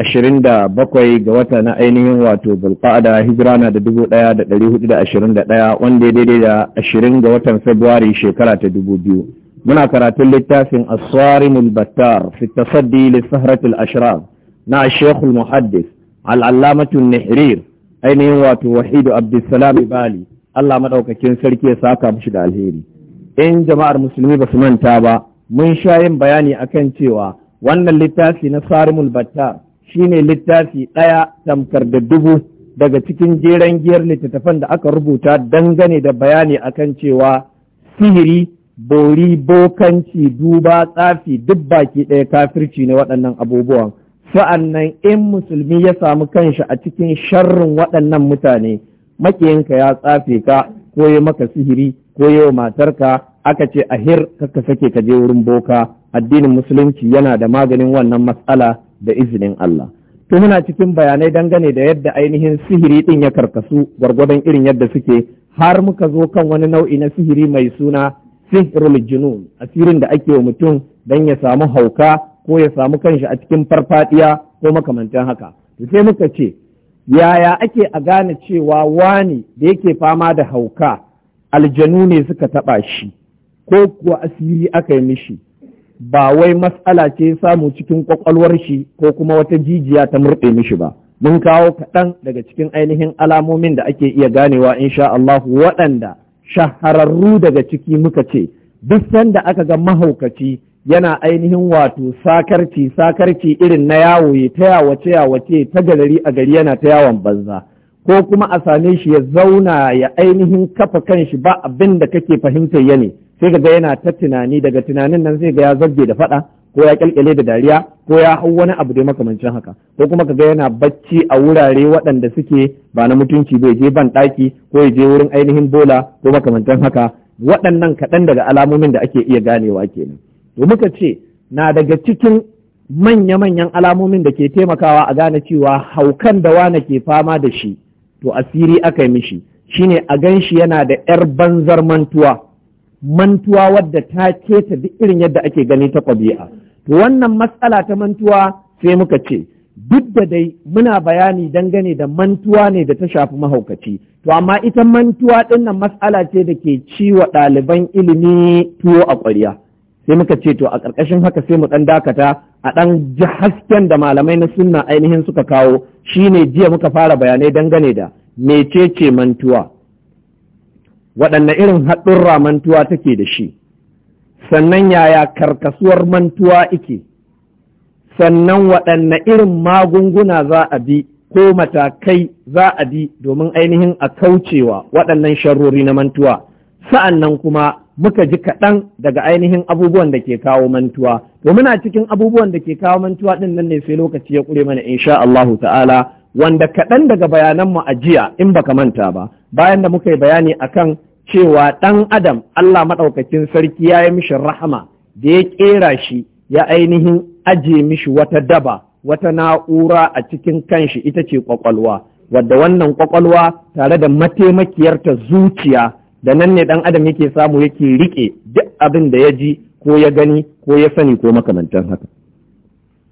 ashirin da bakwai ga wata na ainihin wato bulqa'ada hijira na da dubu ɗaya da hudu da ashirin da wanda ya daidai da ashirin ga watan fabrairu shekara ta dubu biyu muna karatun littafin aswarimul battar fi tasaddi lissahratul ashraf na shekul muhaddis al'allamatun nihrir ainihin wato wahidu abdulsalam bali allah maɗaukacin sarki ya saka mushi da alheri in jama'ar musulmi ba su manta ba mun sha yin bayani akan cewa wannan littafi na sarimul battar shine littafi ɗaya tamkar da dubu daga cikin jeren giyar littattafan da aka rubuta dangane da bayani akan cewa sihiri bori bokanci duba tsafi duk baki ɗaya kafirci ne waɗannan abubuwan Sa'annan nan in musulmi ya samu kanshi a cikin sharrin waɗannan mutane makiyinka ya tsafe ka ko ya maka sihiri ko ya matarka aka ce a ahir ka sake ka je wurin boka addinin musulunci yana da maganin wannan matsala da izinin Allah to muna cikin bayanai dangane da yadda ainihin sihiri ɗin ya karkasu gwargwadon irin yadda suke har muka zo kan wani nau'i na sihiri mai suna sihirul junun asirin da ake wa mutum dan ya samu hauka ko ya samu kanshi a cikin farfadiya ko makamantan haka to sai muka ce yaya ake a gane cewa wani da yake fama da hauka aljanu ne suka taɓa shi ko kuwa asiri aka yi mishi ba wai matsala ce samu cikin kwakwalwar shi ko kuma wata jijiya ta murɗe mishi ba mun kawo kaɗan daga cikin ainihin alamomin da ake iya ganewa insha Allah waɗanda shahararru daga ciki muka ce duk sanda aka ga mahaukaci yana ainihin wato sakarci sakarci irin na yawo ya ta yawace yawace ta galari a gari yana ta yawon banza ko kuma a same shi ya zauna ya ainihin kafa kanshi ba abin da kake fahimtar ya ne sai ga yana ta tunani daga tunanin nan sai ga ya zarge da faɗa ko ya kyalkyale da dariya ko ya hau wani abu da makamancin haka ko kuma ka ga yana bacci a wurare waɗanda suke ba na mutunci bai je ban ɗaki ko ya je wurin ainihin bola ko makamancin haka waɗannan kaɗan daga alamomin da ake iya ganewa kenan to muka ce na daga cikin manya-manyan alamomin da ke taimakawa a gane cewa haukan da wane ke fama da shi to asiri aka yi mishi shine a gan shi yana da 'yar banzar mantuwa mantuwa wadda ta keta duk irin yadda ake gani ta ƙabi'a to wannan matsala ta mantuwa sai muka ce duk da dai muna bayani dangane da mantuwa ne da ta shafi mahaukaci to amma ita mantuwa ɗin nan matsala ce da ke ciwa ɗaliban ilimi tuwo a ƙwarya sai muka ce to a ƙarƙashin haka sai mu ɗan dakata a ɗan ji hasken da malamai na sunna ainihin suka kawo shine jiya muka fara bayanai dangane da mecece mantuwa waɗanne irin haɗurra mantuwa take da shi sannan yaya karkasuwar mantuwa ike sannan waɗanne irin magunguna za a bi ko matakai za a bi domin ainihin a kaucewa waɗannan sharrori na mantuwa sa'an nan kuma muka ji kaɗan daga ainihin abubuwan da ke kawo mantuwa Domin a cikin abubuwan da ke kawo mantuwa ɗin nan ne sai lokaci ya ƙure mana insha Allahu ta'ala wanda kaɗan daga bayananmu a jiya in baka manta ba bayan da muka yi bayani akan cewa ɗan adam Allah maɗaukakin sarki ya yi mishi rahama da ya ƙera shi ya ainihin ajiye mishi wata daba wata na'ura a cikin kanshi ita ce ƙwaƙwalwa wadda wannan ƙwaƙwalwa tare da mataimakiyarta zuciya da nan ne ɗan adam yake samu yake riƙe duk abin da ya ji ko ya gani ko ya sani ko makamantan haka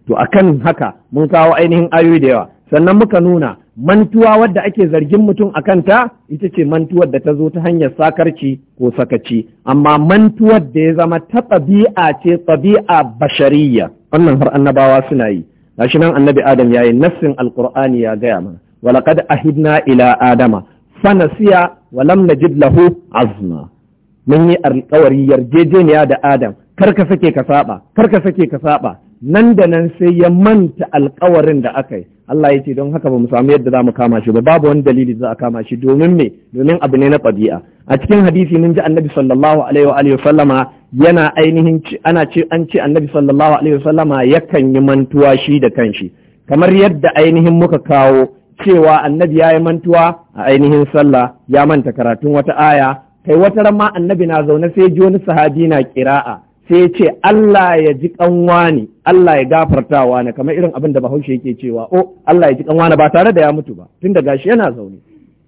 to akan haka mun kawo ainihin ayoyi da yawa sannan muka nuna mantuwa wadda ake zargin mutum a kanta ita ce mantuwar da ta zo ta hanyar sakarci ko sakaci amma mantuwar da ya zama ta ɓabi'a ce ɗabi'a bashariya wannan har annabawa suna yi gashi nan annabi adam yayi nassin alqur'ani ya gaya mana walaqad ahidna ila adama fanasiya wa lam najid lahu azma mun yi alƙawari yarjejeniya da adam kar ka sake ka saba kar sake ka saba nan da nan sai ya manta alkawarin da aka yi Allah ya ce don haka ba mu samu yadda za mu kama shi ba babu wani dalili za a kama shi domin me domin abu ne na ɗabi'a a cikin hadisi mun ji annabi sallallahu alaihi wa alihi sallama yana ainihin ana ce an ce annabi sallallahu alaihi wa sallama yakan yi mantuwa shi da kanshi kamar yadda ainihin muka kawo cewa annabi ya yi mantuwa a ainihin sallah ya manta karatun wata aya kai wata ran ma annabi na zaune sai ji wani sahabi na kira'a sai ce Allah ya ji ƙanwani, Allah ya gafarta wani kamar irin abin da Bahaushe yake cewa o oh, Allah ya ji ƙanwani ba tare da ya mutu ba tun da gashi yana zaune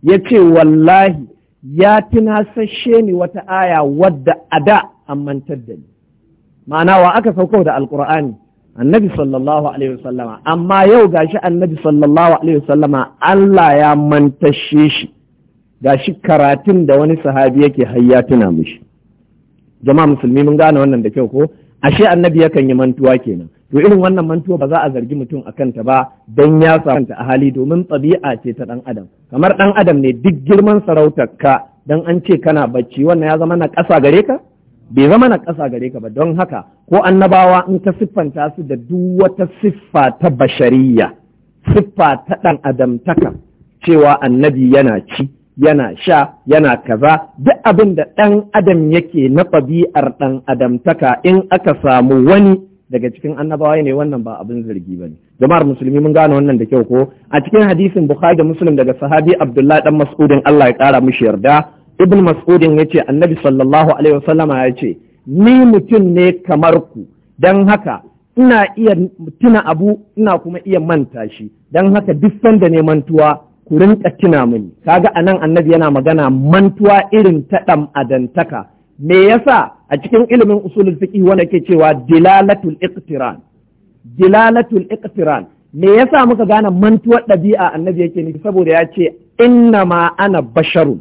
ya ce wallahi ya tunasashe ni wata aya wadda a da an mantar da ni ma'ana wa aka sauko da alkur'ani annabi sallallahu alaihi wasallama amma yau gashi annabi sallallahu alaihi wasallama Allah ya mantashe shi gashi karatun da wani sahabi yake hayya tuna mishi jama'a musulmi mun gane wannan da kyau ko ashe annabi yakan yi mantuwa kenan to irin wannan mantuwa ba za a zargi mutum a kanta ba don ya kanta a hali domin tsabi'a ce ta ɗan adam kamar ɗan adam ne duk girman sarautar ka dan an ce kana bacci wannan ya zama na ƙasa gare ka bai zama na ƙasa gare ka ba don haka ko annabawa in ka siffanta su da duk wata siffa ta bashariya siffa ta ɗan adamtaka cewa annabi yana ci yana sha yana kaza duk abin da ɗan adam yake na ɗabi'ar ɗan adamtaka in aka samu wani daga cikin annabawa ne wannan ba abin zargi ba ne jama'ar musulmi mun gane wannan da kyau ko a cikin hadisin bukhari da muslim daga sahabi abdullahi dan mas'udin Allah ya ƙara mishi yarda ibn mas'udin ce annabi sallallahu alaihi wasallama ce, ni mutum ne kamar ku Don haka ina iya tuna abu ina kuma iya manta shi Don haka duk sanda ne mantuwa ku rinka tuna mini kaga anan annabi yana magana mantuwa irin ta ɗan adantaka me yasa a cikin ilimin usulul fiqh wanda ke cewa dilalatul iqtiran dilalatul iqtiran me yasa muka gane mantuwar ɗabi'a annabi yake nufi saboda ya ce inna ma ana basharun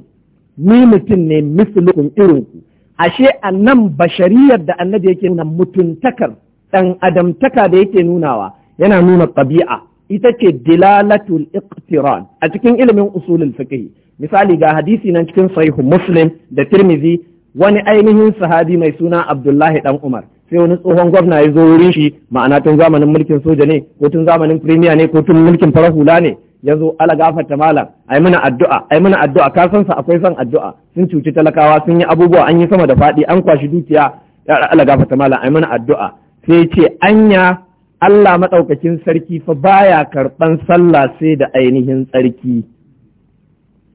ni mutum ne irin irinku ashe annan bashariyar da annabi yake nuna mutuntakar ɗan adamtaka da yake nunawa yana nuna ɗabi'a ita ce dilalatul iqtiran a cikin ilimin usulul fiqh misali ga hadisi nan cikin sahih muslim da tirmizi wani ainihin sahabi mai suna abdullahi dan umar sai wani tsohon gwamna ya zo wurin shi ma'ana tun zamanin mulkin soja ne ko tun zamanin premier ne ko tun mulkin farar hula ne ya zo ala gafarta malam ai mana addu'a ai mana addu'a ka san sa akwai son addu'a sun cuci talakawa sun yi abubuwa an yi sama da faɗi an kwashi dukiya ala gafarta malam ai mana addu'a sai ce anya Allah maɗaukakin sarki fa baya karɓan sallah sai da ainihin tsarki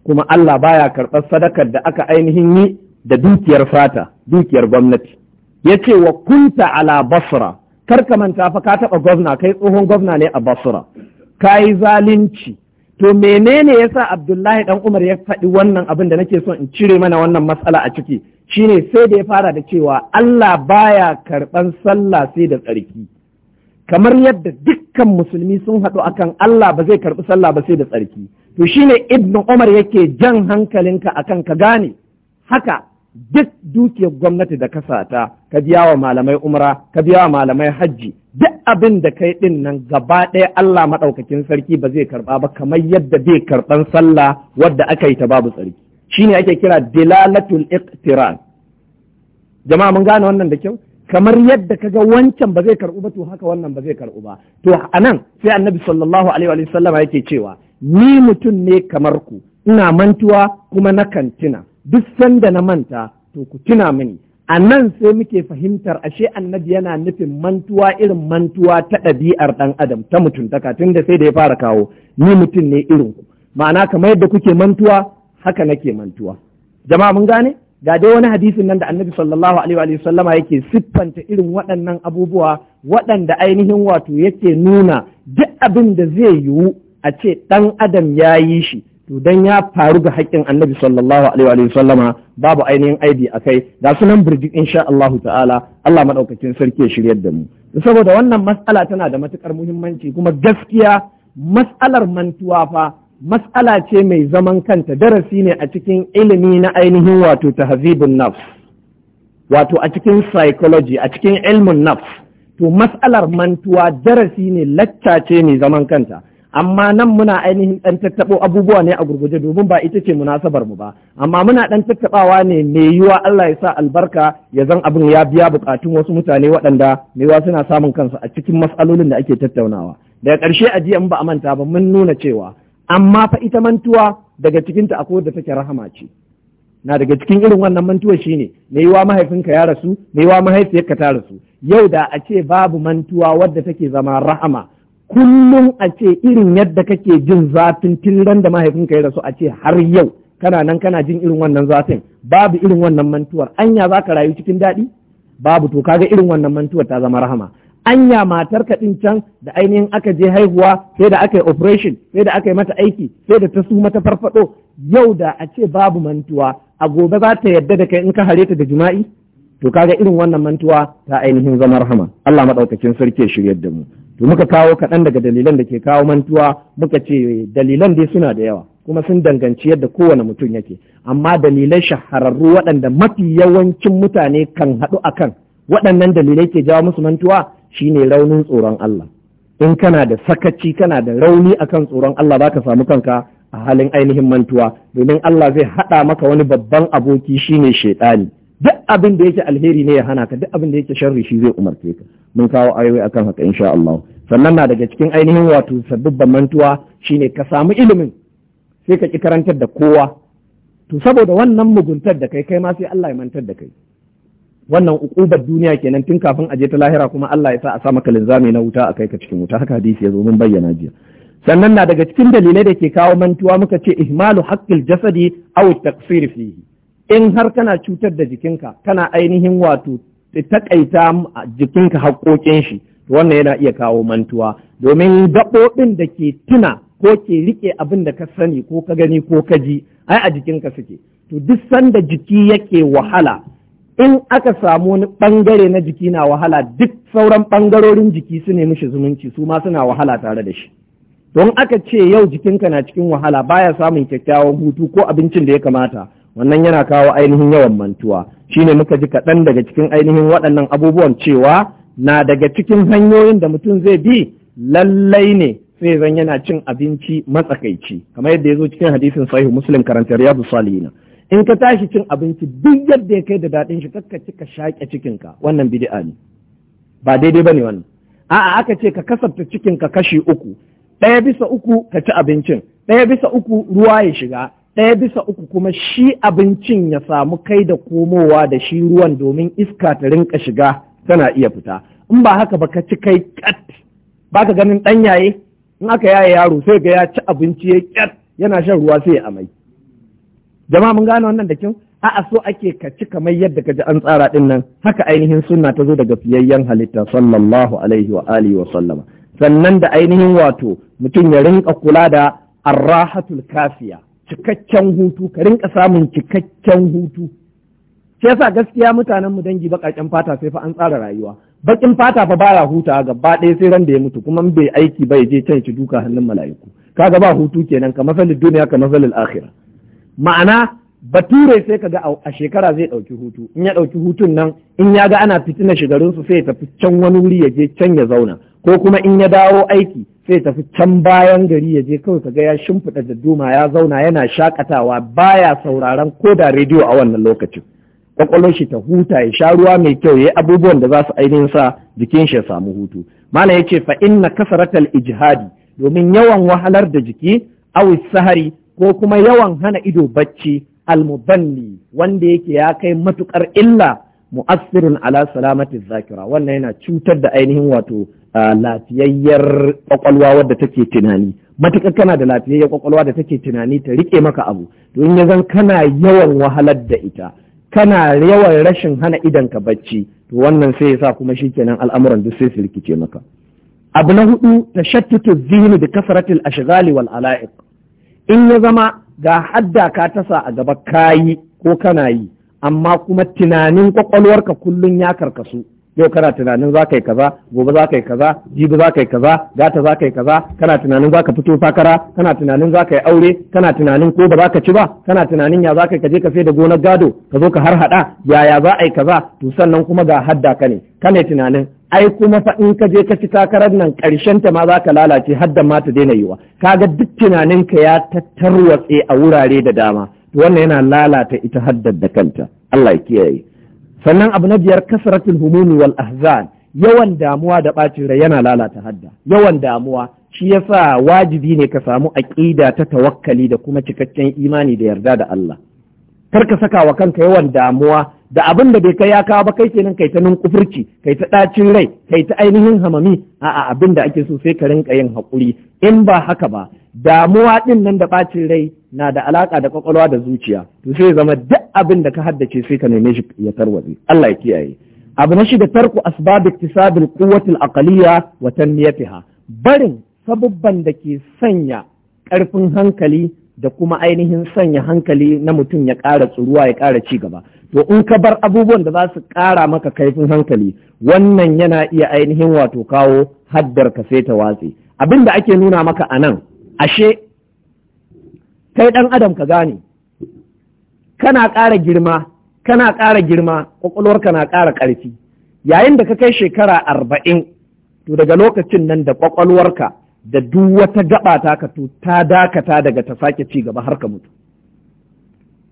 kuma Allah baya karɓar sadakar da aka ainihin yi da dukiyar fata dukiyar gwamnati ya ce wa kunta ala basra kar ka manta fa ka taɓa gwamna kai tsohon gwamna ne a basra ka yi zalunci to menene yasa abdullahi dan umar ya faɗi wannan abin da nake so in cire mana wannan matsala a ciki shine sai da ya fara da cewa Allah baya karɓan sallah sai da tsarki kamar yadda dukkan musulmi sun haɗu akan Allah ba zai karɓi sallah ba sai da tsarki to shine ibnu umar yake jan hankalinka akan ka gane haka duk dukiyar gwamnati da kasata ka biya wa malamai umra ka biya wa malamai hajji duk abin da kai din nan gaba ɗaya Allah maɗaukakin sarki ba zai karɓa ba kamar yadda bai karɓan sallah wadda aka yi ta babu tsarki shine ake kira dilalatul iqtiran jama'a mun gane wannan da kyau kamar yadda kaga wancan ba zai karɓu ba to haka wannan ba zai karɓu ba to anan sai annabi sallallahu alaihi wa sallama yake cewa ni mutum ne kamar ku ina mantuwa kuma na kantina duk sanda na manta to ku tuna mini a nan sai muke fahimtar ashe annabi yana nufin mantuwa irin mantuwa ta ɗabi'ar ɗan adam ta mutuntaka tun da sai da ya fara kawo ni mutum ne irin ku ma'ana kamar yadda kuke mantuwa haka nake mantuwa jama'a mun gane ga dai wani hadisin nan da annabi sallallahu alaihi wa yake siffanta irin waɗannan abubuwa waɗanda ainihin wato yake nuna duk abin da zai yiwu a ce ɗan adam ya yi shi to dan ya faru ga haƙƙin annabi sallallahu alaihi wa babu ainihin aibi a kai ga sunan birjik insha Allahu ta'ala Allah maɗaukacin sarki ya shiryar da mu saboda wannan mas'ala tana da matukar muhimmanci kuma gaskiya mas'alar mantuwa fa matsala ce mai zaman kanta darasi ne a cikin ilimi na ainihin wato tahzibun nafs wato a cikin psychology a cikin ilmin nafs to masalar mantuwa darasi ne lacca ce mai zaman kanta amma nan muna ainihin ɗan tattabo abubuwa ne a gurguje domin ba ita ce munasabar mu ba amma muna ɗan tattabawa ne mai yiwa Allah ya sa albarka ya zan abin ya biya bukatun wasu mutane waɗanda yiwa suna samun kansu a cikin matsalolin da ake tattaunawa daga ƙarshe a jiya ba a manta ba mun nuna cewa amma fa ita mantuwa daga cikinta akwai da take rahama ce na daga cikin irin wannan mantuwa shine me yiwa mahaifinka ya rasu me yiwa mahaifiyarka ta rasu yau da a ce babu mantuwa wadda take zama rahama kullum a ce irin yadda kake jin zafin tilran da mahaifinka ya rasu a ce har yau kana nan kana jin irin wannan zafin babu irin wannan mantuwar anya za ka rayu cikin daɗi babu to kaga irin wannan mantuwar ta zama rahama anya matar ka can da ainihin aka je haihuwa sai da aka yi operation sai da aka yi mata aiki sai da ta su mata farfado yau da a ce babu mantuwa a gobe za ta yadda da kai in ka hare ta da jima'i to kaga irin wannan mantuwa ta ainihin zama rahama Allah madaukakin sarki ya shiryar da mu to muka kawo kaɗan daga dalilan da ke kawo mantuwa muka ce dalilan dai suna da yawa kuma sun danganci yadda kowane mutum yake amma dalilai shahararru waɗanda mafi yawancin mutane kan haɗu akan, waɗannan dalilai ke jawo musu mantuwa shine raunin tsoron Allah in kana da sakaci kana da rauni akan tsoron Allah zaka samu kanka a halin ainihin mantuwa domin Allah zai haɗa maka wani babban aboki shine shaiɗani. duk abin da yake alheri ne ya hana ka duk abin da yake sharri shi zai umarce ka mun kawo ayoyi akan haka insha Allah sannan na daga cikin ainihin wato sabbin mantuwa shine ka samu ilimin sai ka ki karantar da kowa to saboda wannan muguntar da kai kai ma sai Allah ya mantar da kai wannan ukubar duniya kenan tun kafin a je ta lahira kuma Allah ya sa a sa linzami na wuta a kai ka cikin wuta haka hadisi ya zo mun bayyana jiya sannan na daga cikin dalilai da ke kawo mantuwa muka ce ihmalu haqqil jasadi aw taqsir fihi in har kana cutar da jikinka kana ainihin wato takaita jikinka haƙoƙin shi wannan yana iya kawo mantuwa domin gaɓoɓin da ke tuna ko ke rike abin da ka sani ko ka gani ko ka ji ai a jikinka suke to duk sanda jiki yake wahala in aka samu wani ɓangare na jiki na wahala duk sauran ɓangarorin jiki su ne mishi zumunci su ma suna wahala tare da shi don aka ce yau jikinka na cikin wahala baya samun kyakkyawan hutu ko abincin da ya kamata wannan yana kawo ainihin yawan mantuwa shi ne muka ji kaɗan daga cikin ainihin waɗannan abubuwan cewa na daga cikin hanyoyin da mutum zai bi lallai ne sai zan yana cin abinci matsakaici kamar yadda ya zo cikin hadisin sahih muslim karantar riyadu salihina in ka tashi cin abinci duk yadda ya kai da daɗin shi kakka ci ka shaƙe ka wannan bid'a ne ba daidai bane wannan a'a aka ce ka kasafta cikin ka kashi uku ɗaya bisa uku ka ci abincin ɗaya bisa uku ruwa ya shiga ɗaya bisa uku kuma shi abincin ya samu kai da komowa da shi ruwan domin iska ta rinka shiga tana iya fita in ba haka ba ka ci kai kat ba ka ganin ɗanyaye in aka yaye yaro sai ga ya ci abinci ya ƙyat yana shan ruwa sai ya amai jama'a mun gane wannan da kyau a'a so ake ka ci kamar yadda ka ji an tsara din nan haka ainihin sunna ta zo daga fiyayyen halitta sallallahu alaihi wa alihi wa sallama sannan da ainihin wato mutum ya rinka kula da arrahatul kafiya cikakken hutu ka rinka samun cikakken hutu shi yasa gaskiya mutanen mu dangi bakakken fata sai fa an tsara rayuwa bakin fata fa baya hutawa gaba ɗaya sai ran da ya mutu kuma bai aiki ba ya je can ci duka hannun mala'iku kaga ba hutu kenan ka masalin duniya ka masalin akhirah ma'ana bature sai ka ga a shekara zai ɗauki hutu in ya ɗauki hutun nan in ya ga ana fitina shigarinsu sai ya tafi can wani wuri ya je can ya zauna ko kuma in ya dawo aiki sai tafi can bayan gari ya je kawai kaga ya shimfiɗa duma ya zauna yana shakatawa baya sauraron ko da rediyo a wannan lokacin kwakwalwar shi ta huta ya sha ruwa mai kyau ya yi abubuwan da za su ainihin sa jikin shi ya samu hutu malam ce fa inna kasaratal ijihadi, domin yawan wahalar da jiki awi sahari ko kuma yawan hana ido bacci almubanni wanda yake ya kai matukar illa mu'assirin ala salamati zakira wannan yana cutar da ainihin wato lafiyayyar kwakwalwa wadda take tunani matukar kana da lafiyayyar kwakwalwa da take tunani ta rike maka abu to in zan kana yawan wahalar da ita kana yawan rashin hana idan ka bacci to wannan sai ya sa kuma shikenan al'amuran duk sai su rikice maka abu na hudu tashattutu zihni bi kasratil ashghali wal ala'iq in ya zama ga hadda ka tasa a gaba kayi ko kana yi amma kuma tunanin kwakwalwarka kullum ya karkasu yau kana tunanin za ka yi kaza gobe za ka yi kaza jibi za ka yi kaza gata za ka yi kaza kana tunanin za ka fito fakara kana tunanin za ka yi aure kana tunanin ko ba za ka ci ba kana tunanin ya za ka kaje ka da gonar gado ka zo ka har hada yaya za a yi kaza to sannan kuma ga hadda ka ne kana tunanin ai kuma fa in ka je ka ci takarar nan karshen ta ma za ka lalace hadda ma ta daina yiwa kaga duk tunanin ka ya tattarwatse a wurare da dama to wannan yana lalata ita haddar da kanta Allah ya kiyaye sannan abu na biyar kasaratul humumi wal ahzan yawan damuwa da ɓacin rai yana lalata hadda yawan damuwa shi yasa wajibi ne ka samu aƙida ta tawakkali da kuma cikakken imani da yarda da Allah kar ka saka wa kanka yawan damuwa da abin da bai kai ya kawo ba kai kenan kai ta kufurci kai ta ɗacin rai kai ta ainihin hamami a'a abin da ake so sai ka rinka yin hakuri in ba haka ba damuwa ɗin nan da ɓacin rai na da alaƙa da ƙwaƙwalwa da zuciya to sai zama duk abin da ka haddace sai ka neme shi ya tarwatse Allah ya kiyaye abu na shida tarku asbab tisabil quwwati al-aqliyya wa tanmiyatiha barin sabubban da ke sanya ƙarfin hankali da kuma ainihin sanya hankali na mutum ya ƙara tsuruwa ya ƙara ci gaba to in ka bar abubuwan da za su ƙara maka kaifin hankali wannan yana iya ainihin wato kawo haddar ka sai ta watse abin da ake nuna maka a nan ashe kai ɗan adam ka gane kana ƙara girma kana ƙara girma ƙwaƙwalwarka na ƙara ƙarfi yayin da ka kai shekara arba'in to daga lokacin nan da ƙwaƙwalwarka da duk wata gaba ta ka to ta dakata daga ta sake ci gaba har ka mutu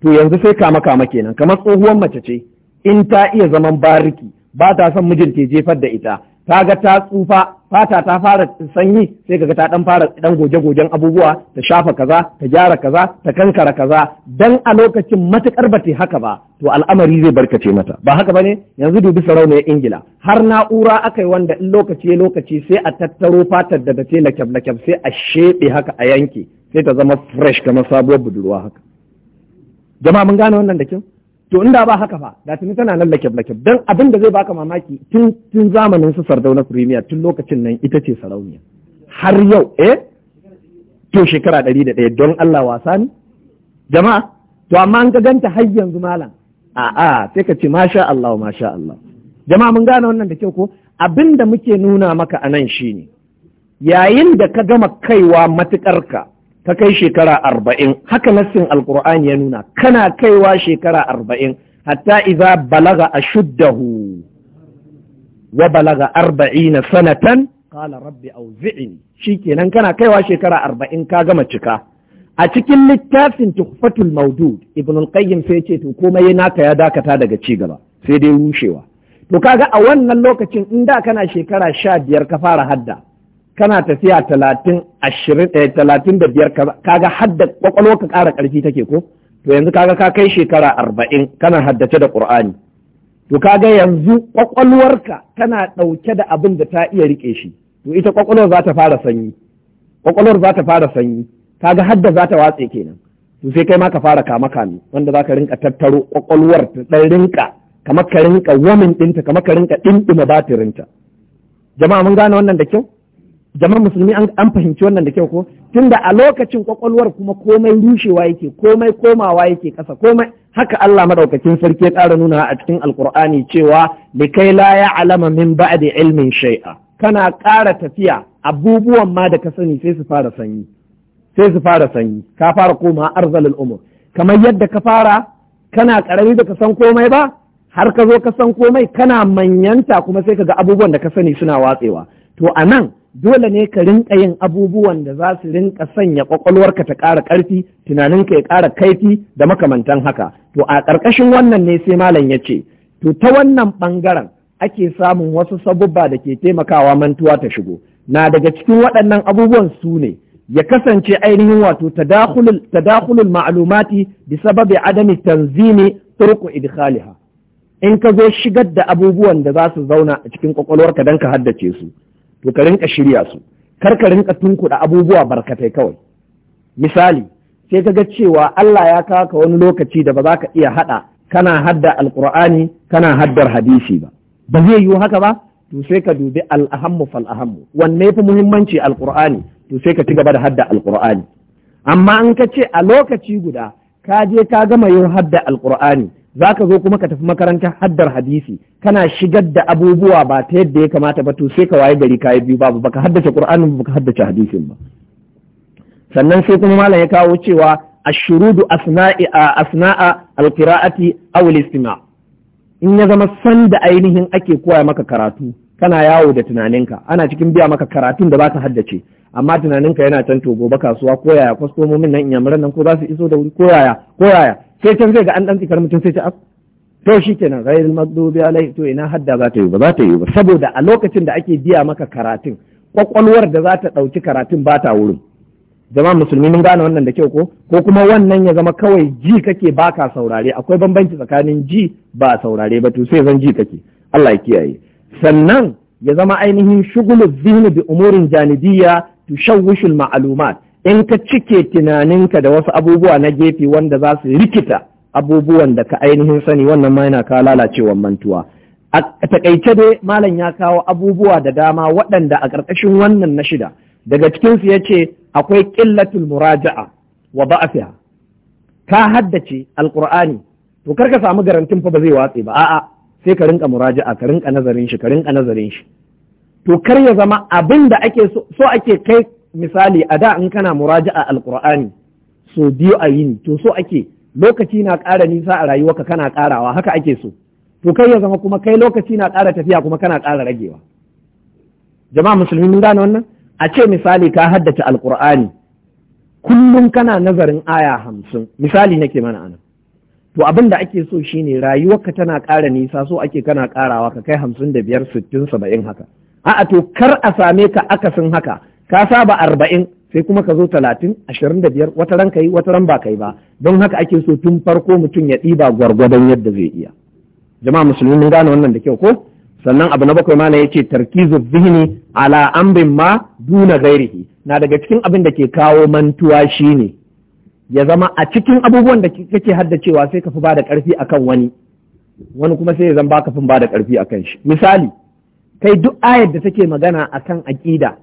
to yanzu sai kama kama kenan kamar tsohuwar mace ce in ta iya zaman bariki ba ta son mijinta ya jefar da ita ta ga ta tsufa fata ta fara sanyi sai kaga ta ɗan fara ɗan goge-gogen abubuwa ta shafa kaza ta gyara kaza ta kankara kaza dan a lokacin matukar ba ta haka ba to al'amari zai barkace mata ba haka ba ne? yanzu dubi ya ingila har na'ura yi wanda in lokaci ya lokaci sai a tattaro fatar da ta lakyab lakyab sai a shebe haka a yanke sai ta zama fresh kamar sabuwar budurwa haka jama'a mun gane wannan da kyau to inda ba haka fa da tuni tana nan lakab lakab Don abin da zai baka mamaki tun tun zamanin su Sardauna firimiya tun lokacin nan ita ce sarauniya har yau eh to shekara ɗari da ɗaya don Allah wasa ne jama'a to amma an ka ganta har yanzu malam a'a sai ka ce masha Allah masha Allah jama'a mun gane wannan da kyau ko abin da muke nuna maka a nan shine yayin da ka gama kaiwa matuƙarka Ka kai shekara arba'in haka nassin alkur'ani ya nuna kana kaiwa shekara arba'in hatta iza balaga a shuddahu wa balaga arba'ina sanatan kala rabbi shi kenan kana kaiwa shekara arba'in ka gama cika a cikin littafin tuhfatul maudud ibn al-qayyim sai ce to komai naka ya dakata daga ci gaba sai dai rushewa to kaga a wannan lokacin in da kana shekara sha biyar ka fara hadda kana tafiya talatin ashirin ɗaya eh, talatin da biyar kaga hadda kwakwalwa ka ƙara ƙarfi take ko to yanzu kaga ka kai shekara arba'in kana haddace da ƙur'ani to kaga yanzu kwakwalwarka tana ɗauke da abin da ta iya riƙe shi to ita kwakwalwar za ta fara sanyi kwakwalwar za ta fara sanyi kaga hadda za ta watse kenan to sai kai ma ka fara kama kame wanda za ka rinka tattaro kwakwalwar ta ɗan rinka kamar ka rinka wamin ɗinta kamar ka rinka ɗinɗima batirinta jama'a mun gane wannan da kyau jama'a musulmi an fahimci wannan da kyau ko tunda a lokacin kwakwalwar kuma komai rushewa yake komai komawa yake kasa komai haka Allah madaukakin sarki ya ƙara nuna a cikin alkur'ani cewa kai la ya'lama min ba'di ilmin shay'a kana ƙara tafiya abubuwan ma da ka sani sai su fara sanyi sai su fara sanyi ka fara koma arzalul umur kamar yadda ka fara kana karami da ka san komai ba har ka zo ka san komai kana manyanta kuma sai ka ga abubuwan da ka sani suna watsewa to anan dole ne ka rinka yin abubuwan da za su rinka sanya ƙwaƙwalwarka ta ƙara ƙarfi tunaninka ya ƙara kaifi da makamantan haka to a ƙarƙashin wannan ne sai malam ya ce to ta wannan ɓangaren ake samun wasu sabubba da ke taimakawa mantuwa ta shigo na daga cikin waɗannan abubuwan su ne ya kasance ainihin wato tadakhulul ma'lumati bi sababi adami tanzimi turku idkhaliha in ka zo shigar da abubuwan da za su zauna a cikin kwakwalwarka don ka haddace su to ka rinka shirya su kar ka rinka tunkuɗa abubuwa barkatai kawai misali sai ka ga cewa Allah ya kawo ka wani lokaci da ba za ka iya haɗa kana hadda alqur'ani kana haddar hadisi ba ba zai yiwu haka ba to sai ka dubi al'ahammu fal ahammu wanne yafi muhimmanci alqur'ani to sai ka ci gaba da hadda alqur'ani amma in ka ce a lokaci guda ka je ka gama yin hadda alqur'ani za ka zo kuma ka tafi makarantar haddar hadisi kana shigar da abubuwa ba ta yadda ya kamata ba to sai ka waye gari kayi biyu babu baka haddace qur'anin baka haddace hadisin ba sannan sai kuma malam ya kawo cewa ashurudu asna'i asna'a alqira'ati aw istima in ya zama sanda ainihin ake koya maka karatu kana yawo da tunaninka ana cikin biya maka karatun da baka haddace amma tunaninka yana can to gobe kasuwa koyaya, kwastomomin nan inyamuran nan ko za su iso da wuri koyaya. koyaya sai can zai ga an dan tsikar mutum sai ta af to shi kenan ghairul maghdubi alaihi to ina hadda za ta yi ba za ta yi ba saboda a lokacin da ake biya maka karatun kwakwalwar da za ta ɗauki karatun ba ta wurin zama musulmi mun gane wannan da kyau ko ko kuma wannan ya zama kawai ji kake ba ka saurare akwai bambanci tsakanin ji ba saurare ba to sai zan ji kake Allah ya kiyaye sannan ya zama ainihin shugulu zihni bi umurin janibiyya tushawwishu malumat in ka cike tunaninka da wasu abubuwa na gefe wanda za su rikita abubuwan da ka ainihin sani wannan ma yana ka lalacewar mantuwa a takaice dai malam ya kawo abubuwa da dama waɗanda a ƙarƙashin wannan na shida daga cikinsu ya ce akwai ƙillatul muraja'a wa ba'afiya ka haddace alƙur'ani to kar ka samu garantin fa ba zai watse ba a'a sai ka rinka muraja'a ka rinka nazarin shi ka rinka nazarin shi to kar ya zama abin da ake so ake kai misali a da in kana muraja'a alqur'ani so biyu a yini to so ake lokaci na ƙara nisa a rayuwarka kana ƙarawa haka ake so to kai ya zama kuma kai lokaci na ƙara tafiya kuma kana ƙara ragewa jama'a musulmi mun gane wannan a ce misali ka haddace alqur'ani kullum kana nazarin aya hamsin misali nake mana anan to abin da ake so shine rayuwarka tana ƙara nisa so ake kana ƙarawa ka kai hamsin da biyar sittin saba'in haka a'a to kar a same ka akasin haka ka saba arba'in sai kuma ka zo talatin ashirin da biyar wata ran kai wata ran ba kai ba don haka ake so tun farko mutum ya ɗiba gwargwadon yadda zai iya jama'a musulmi mun gane wannan da kyau ko sannan abu na bakwai mana yace tarkizu zihni ala amrin ma duna ghairihi na daga cikin abin da ke kawo mantuwa shine ya zama a cikin abubuwan da kake haddacewa sai ka fi bada karfi akan wani wani kuma sai ya zama baka fi bada karfi akan shi misali kai duk ayar da take magana akan aƙida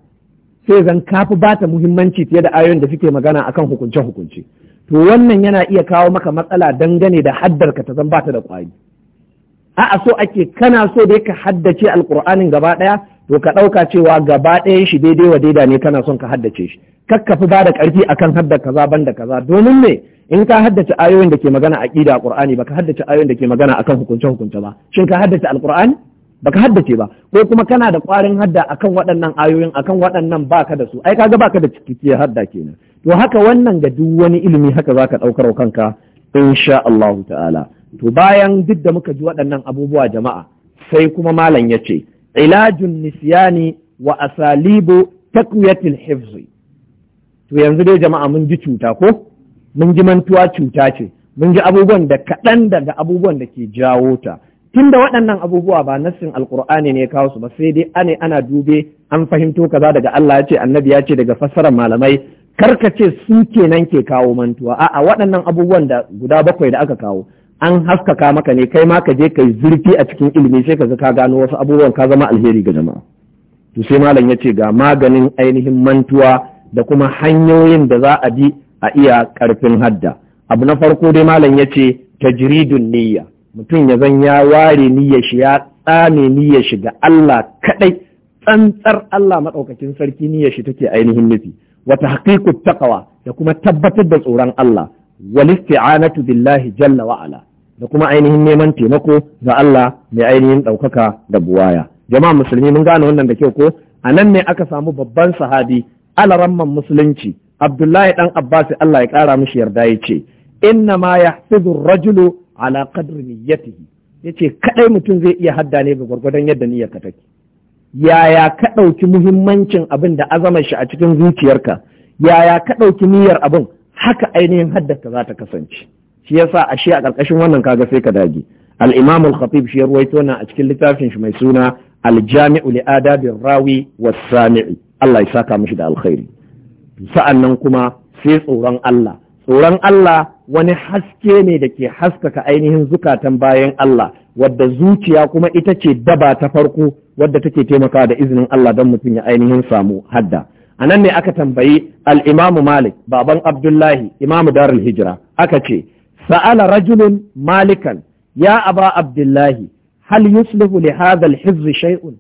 sai zan kafi ba ta muhimmanci fiye da ayoyin da suke magana akan hukunce hukunce to wannan yana iya kawo maka matsala dangane da haddar ka ta zan ba ta da kwari a'a so ake kana so da ka haddace alqur'anin gaba daya to ka ɗauka cewa gaba ɗayan shi daidai wa daida ne kana son ka haddace shi kakkafi ba da karfi akan hadda kaza da kaza domin me in ka haddace ayoyin da ke magana aqida qur'ani baka haddace ayoyin da ke magana akan hukunce hukunce ba shin ka haddace alqur'ani baka haddace ba ko kuma kana da kwarin hadda akan waɗannan ayoyin akan waɗannan baka da su ai kaga baka da cikakkiyar hadda kenan to haka wannan ga duk wani ilimi haka zaka ɗaukar wa kanka insha Allah ta'ala to bayan duk da muka ji waɗannan abubuwa jama'a sai kuma malam ya ce ilajun nisyani wa asalibu takwiyatil hifzi to yanzu dai jama'a mun ji cuta ko mun ji mantuwa cuta ce mun ji abubuwan da kaɗan daga abubuwan da ke jawo ta Tun da waɗannan abubuwa ba nassin alkur'ani ne kawo su ba sai dai ane ana dube an fahimto kaza daga Allah ya ce annabi ya ce daga fassarar malamai karkace su kenan ke kawo mantuwa a'a waɗannan abubuwan da guda bakwai da aka kawo an haskaka maka ne kai ma ka je kai zurfi a cikin ilimi sai kaga ka gano wasu abubuwan ka zama alheri ga jama'a to sai malam ya ce ga maganin ainihin mantuwa da kuma hanyoyin da za a bi a iya karfin hadda abu na farko dai malam ya ce tajridun niyya mutum ya zan ya ware niyyar shi ya tsame niyyar shi ga Allah kadai tsantsar Allah maɗaukakin sarki niyyar shi take ainihin nufi wata tahqiqut taqwa da kuma tabbatar da tsoron Allah wal isti'anatu billahi jalla wa'ala. da kuma ainihin neman taimako ga Allah mai ainihin ɗaukaka da buwaya jama'a musulmi mun gane wannan da kyau ko a nan ne aka samu babban sahabi alaramman musulunci abdullahi dan abbas Allah ya kara mishi yarda ya ce inna ma yahfizu rajulu ala qadri niyyatihi yace kadai mutum zai iya hadda ne ga gwargwadon yadda niyyar ka take yaya ka ɗauki muhimmancin abin da azamar shi a cikin zuciyarka yaya ka ɗauki niyyar abin haka ainihin haddaka za ta kasance shi yasa a shi a ƙarƙashin wannan kaga sai ka dage al-imam al-khatib shi ruwaito na a cikin littafin shi mai suna al-jami'u li adabir rawi was-sami'i Allah ya saka mishi da alkhairi sa'annan kuma sai tsoron Allah tsoron Allah wani haske ne da ke haskaka ainihin zukatan bayan Allah wadda zuciya kuma ita ce daba ta farko wadda take taimakawa da izinin Allah don mutum ya ainihin samu hadda a nan ne aka tambayi al'imamu malik baban abdullahi imamu darul hijira aka ce sa'ala rajulun malikan ya aba abdullahi hal yuslihu li hadha shaiun hizz shay'un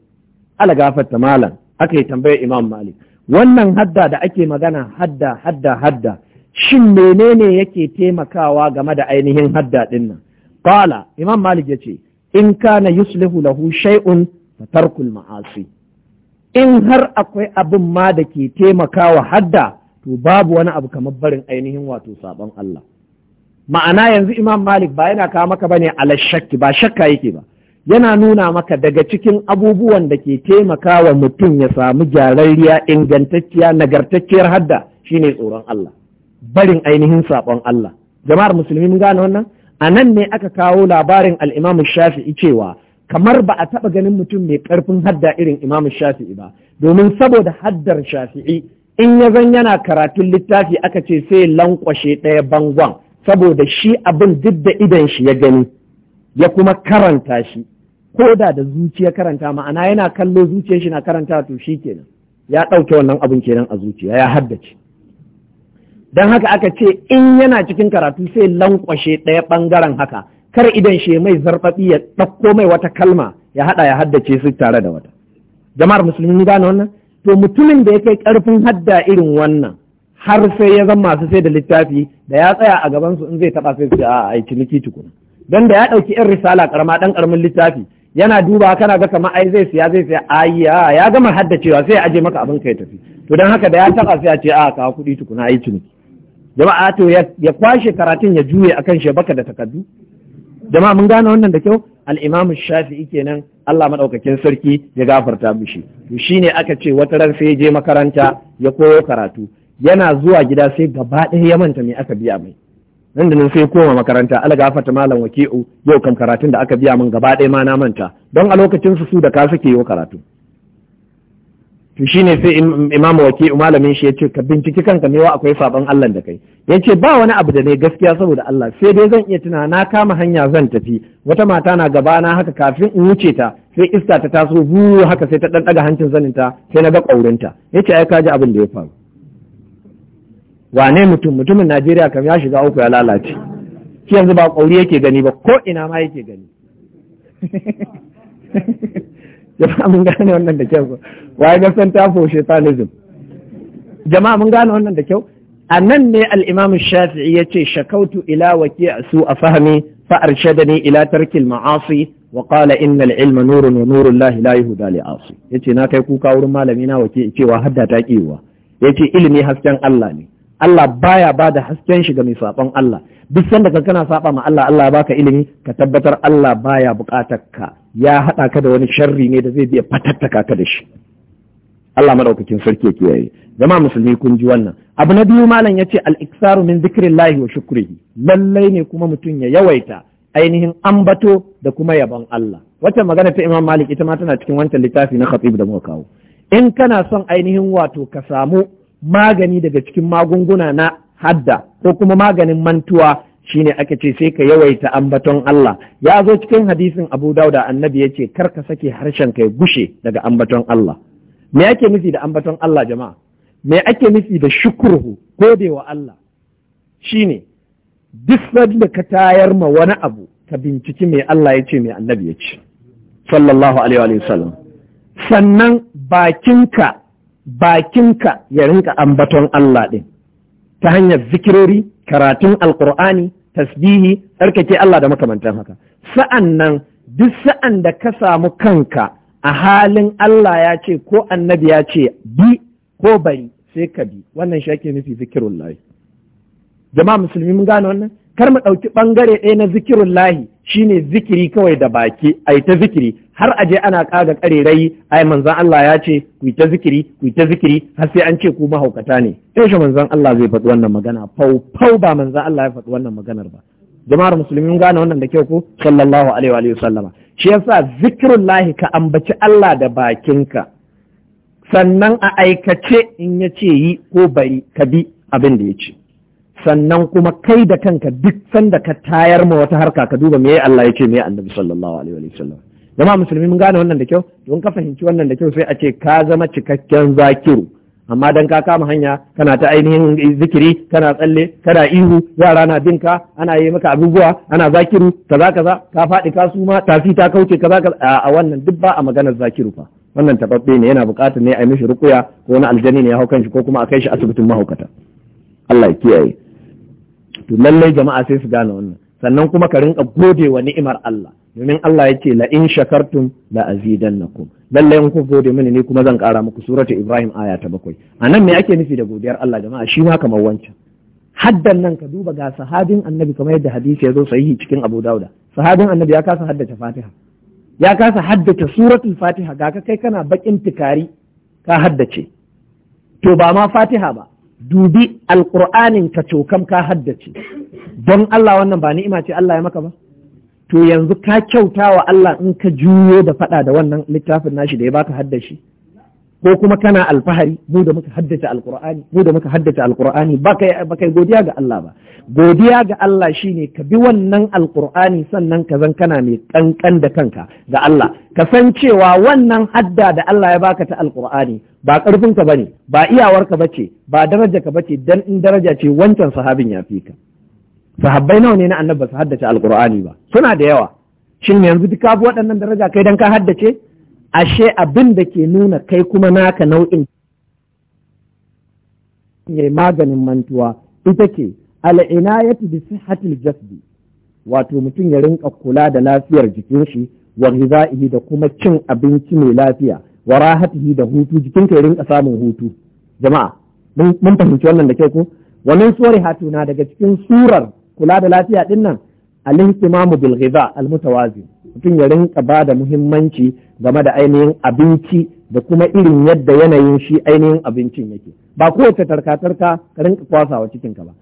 ala gafarta malam aka yi tambayar imam malik wannan hadda da ake magana hadda hadda hadda shin menene yake taimakawa game da ainihin hadda nan qala imam malik yace in kana yuslihu lahu shay'un fatarkul ma'asi in har akwai abin ma da ke taimakawa hadda to babu wani abu kamar barin ainihin wato sabon Allah ma'ana yanzu imam malik ba yana kawo maka bane ala shakki ba shakka yake ba yana nuna maka daga cikin abubuwan da ke taimakawa mutum ya samu gyararriya ingantacciya nagartacciyar hadda shine tsoron Allah barin ainihin saɓon Allah jama'ar musulmi mun gane wannan a nan ne aka kawo labarin al'imamu shafi'i cewa kamar ba a taɓa ganin mutum mai ƙarfin hadda irin imamu shafi'i ba domin saboda haddar shafi'i in ya zan yana karatun littafi aka ce sai lankwashe ɗaya bangon saboda shi abin duk da idon shi ya gani ya kuma karanta shi ko da da zuciya karanta ma'ana yana kallo zuciyar shi na karanta to shi kenan ya ɗauke wannan abin kenan a zuciya ya haddace don haka aka ce in yana cikin karatu sai lankwashe ɗaya ɓangaren haka kar idan shi mai zarfafi ya ɗauko mai wata kalma ya haɗa ya haddace su tare da wata jama'ar musulmi gane wannan to mutumin da ya kai ƙarfin hadda irin wannan har sai ya zama masu sai da littafi da ya tsaya a gaban su in zai taɓa sai su a ai ciniki tukuna don da ya ɗauki yan risala karama ɗan ƙaramin littafi yana duba kana ga kamar ai zai siya zai siya ayya ya gama haddacewa sai ya aje maka abin kai tafi to don haka da ya taɓa sai a ce a kawo kuɗi tukuna ai ciniki jama'a to ya kwashe karatun ya juye akan shebaka da takaddu jama'a mun gane wannan da kyau al-Imam Shafi'i kenan Allah madaukakin sarki ya gafarta mishi to shine aka ce wata ran sai je makaranta ya koyo karatu yana zuwa gida sai gaba ɗaya ya manta me aka biya mai nan da nan sai koma makaranta ala gafata malam waki'u yau kan karatun da aka biya mun gaba ɗaya ma na manta don a lokacin su su da ka suke yau karatu to ne sai imam waki malamin shi ya ce ka binciki kanka ne wa akwai saban Allah da kai Ya ce ba wani abu da ne gaskiya saboda Allah sai dai zan iya tuna na kama hanya zan tafi wata mata na gaba na haka kafin in wuce ta sai iska ta taso buu haka sai ta dan daga hancin zanin ta sai na ga kaurinta ce ai kaji abin da ya faru wane mutum mutumin Najeriya kam ya shiga uku ya lalace ki yanzu ba kauri yake gani ba ko ina ma yake gani jama'a mun gane wannan da kyau waye ga san ta foshe jama'a mun gane wannan da kyau a nan ne al-imam shafi'i yace shakautu ila waki su a fahmi fa arshadani ila tarkil ma'asi wa qala inna al-ilma nurun wa nurul lahi la yuhda li asi yace na kai kuka wurin malami na waki cewa hadda ta kiwa yace ilimi hasken Allah ne Allah baya bada hasken shi ga mai saɓon Allah duk sanda ka kana saba ma Allah Allah baka ilimi ka tabbatar Allah baya buƙatar ka ya haɗa ka da wani sharri ne da zai biya fatattaka ka da shi Allah madaukakin sarki ya kiyaye zama musulmi kun ji wannan abu na biyu malam yace al-iksaru min zikrillahi wa shukrihi lallai ne kuma mutum ya yawaita ainihin ambato da kuma yabon Allah wata magana ta Imam Malik ita ma tana cikin wancan littafi na Khatib da muka kawo in kana son ainihin wato ka samu magani daga cikin magunguna na hadda ko kuma maganin mantuwa shine aka ce sai ka yawaita ambaton Allah ya zo cikin hadisin Abu Dauda annabi yace kar ka sake harshen ka ya gushe daga ambaton Allah me ake nufi da ambaton Allah jama'a me ake nufi da shukruhu godewa Allah shine duk da ka tayar ma wani abu ka binciki me Allah ya ce me annabi ya ce sallallahu alaihi wa sallam sannan bakinka bakinka ya rinka ambaton Allah ɗin ta hanyar zikirori karatun alkur'ani tasbihi tsarkake Allah da makamantan haka sa'an nan duk sa'an da ka samu kanka a halin Allah ya ce ko annabi ya ce bi ko bari sai ka bi wannan shi ake nufi zikirun lahi jama'a musulmi mun gane wannan kar mu ɗauki ɓangare ɗaya na zikirun lahi shine zikiri kawai da baki a ta zikiri har aje ana kaga karerai ai manzon Allah ya ce ku ta zikiri ku ta zikiri har sai an ce ku mahaukata ne yaushe manzon Allah zai faɗi wannan magana fau fau ba manzon Allah ya faɗi wannan maganar ba jama'ar musulmi gane wannan da kyau ko sallallahu alaihi wa sallama shi yasa zikirullahi ka ambaci Allah da bakinka sannan a aikace in ya ce yi ko bari ka bi abin da ya ce sannan kuma kai da kanka duk sanda ka tayar ma wata harka ka duba me Allah ya ce me annabi sallallahu alaihi wa sallam jama'a musulmi mun gane wannan da kyau don ka fahimci wannan da kyau sai a ce ka zama cikakken zakiru amma dan ka kama hanya kana ta ainihin zikiri kana tsalle kana ihu yara na binka ana yi maka abubuwa ana zakiru kaza kaza ka faɗi ka suma tafi ta kauce kaza kaza a wannan duk ba a maganar zakiru fa wannan tababbe ne yana buƙatar ne a yi mishi rukuya ko wani aljani ne ya hau kanshi ko kuma a kai shi asibitin mahaukata Allah ya kiyaye to lallai jama'a sai su gane wannan sannan kuma ka rinka gode wa ni'imar Allah domin Allah ya ce la'in shakartun la'azidan na azidannakum Lallai in gode mini ne kuma zan kara muku suratu Ibrahim aya ta bakwai anan me ake nufi da godiyar Allah jama'a shi ma kamar wancan haddan nan ka duba ga sahabin annabi kamar yadda hadisi ya zo sahihi cikin Abu Dauda sahabin annabi ya kasa haddace Fatiha ya kasa haddace suratul Fatiha ga ka kai kana bakin tikari ka haddace to ba ma Fatiha ba dubi alqur'anin ka cokam ka haddace don Allah wannan ba ni'ima ce Allah ya maka ba to yanzu ka kyauta wa Allah in ka juyo da faɗa da wannan littafin nashi da ya baka haddashi ko kuma kana alfahari mu da muka haddace alqur'ani mu da muka haddace alqur'ani baka baka godiya ga Allah ba godiya ga Allah shine ka bi wannan alqur'ani sannan ka zan kana mai kankan da kanka ga Allah ka san cewa wannan hadda da Allah ya baka ta alqur'ani ba karfin ka bane ba iyawarka bace ba daraja ka bace dan in daraja ce wancan sahabin ya fi ka sahabbai nawa ne na annabi su haddace alqur'ani ba suna da yawa shin yanzu duk ka waɗannan daraja kai dan ka haddace ashe abin da ke nuna kai kuma naka nau'in ya maganin mantuwa ita ce al'inayatu bi sihhatil jasdi wato mutum ya rinka kula da lafiyar jikin shi wa ghizaihi da kuma cin abinci mai lafiya wa rahatihi da hutu jikin ka rinka samun hutu jama'a mun fahimci wannan da kyau ko wannan min hatuna daga cikin surar kula da lafiya din nan al-ihtimamu bil ghiza al mutawazi mutum ya rinka ba da muhimmanci game da ainihin abinci da kuma irin yadda yanayin shi ainihin abincin yake ba kowace tarka-tarka ka rinka kwasawa cikinka ba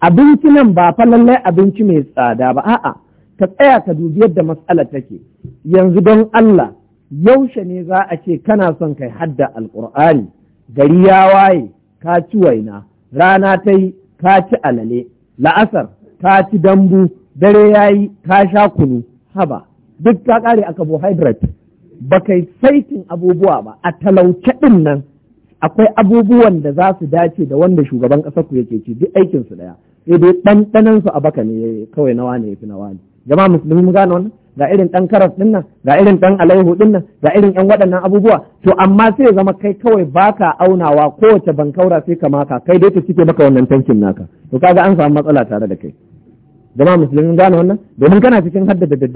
abinci nan ba fa lallai abinci mai tsada ba a'a ka tsaya ka dubi yadda matsalar take yanzu don Allah yaushe ne za a ce kana son kai hadda alkur'ani gari ya waye ka ci waina rana ta yi ka ci alale la'asar ka ci dambu dare ya yi, ka sha kunu haba duk ka kare a carbohydrate ba kai saikin abubuwa ba a talauce ɗin nan akwai abubuwan da za su dace da wanda shugaban ƙasar ku yake ci duk aikin su daya sai dai ɗanɗanan su a baka ne kawai nawa ne yafi nawa ne jama'a musulmi mun gane wannan ga irin ɗan karas ɗin nan ga irin ɗan alaihu ɗin nan ga irin ƴan waɗannan abubuwa to amma sai zama kai kawai baka aunawa kowace bankaura sai ka maka kai dai ta cike maka wannan tankin naka to kaga an samu matsala tare da kai zama musulmin gane wannan domin kana cikin haddada da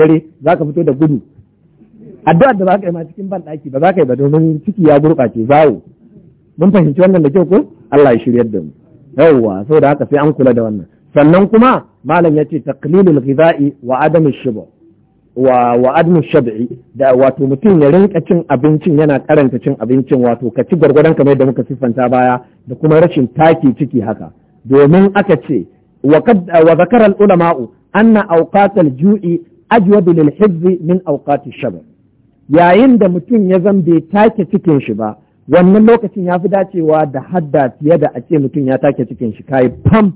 za ka fito da gudu addu'ar da zaka yi ma cikin ban daki ba ka yi ba domin ciki ya gurɓace zawo mun fahimci wannan da kyau ko Allah ya shiryar da mu yawwa saboda haka sai an kula da wannan sannan kuma malam yace taqlilul ghida'i wa adamu shibu wa wa adamu shab'i da wato mutum ya rinka cin abincin yana karanta cin abincin wato ka ci gwargwadon kamar yadda muka siffanta baya da kuma rashin taki ciki haka domin aka ce wa al-ulama'u anna awqat al-ju'i ajwadu lil hizbi min awqat ash-shab yayin da mutum ya zan bai take cikin shi ba wannan lokacin ya fi dacewa da hadda fiye da a ce mutum ya take cikin shi kayi pam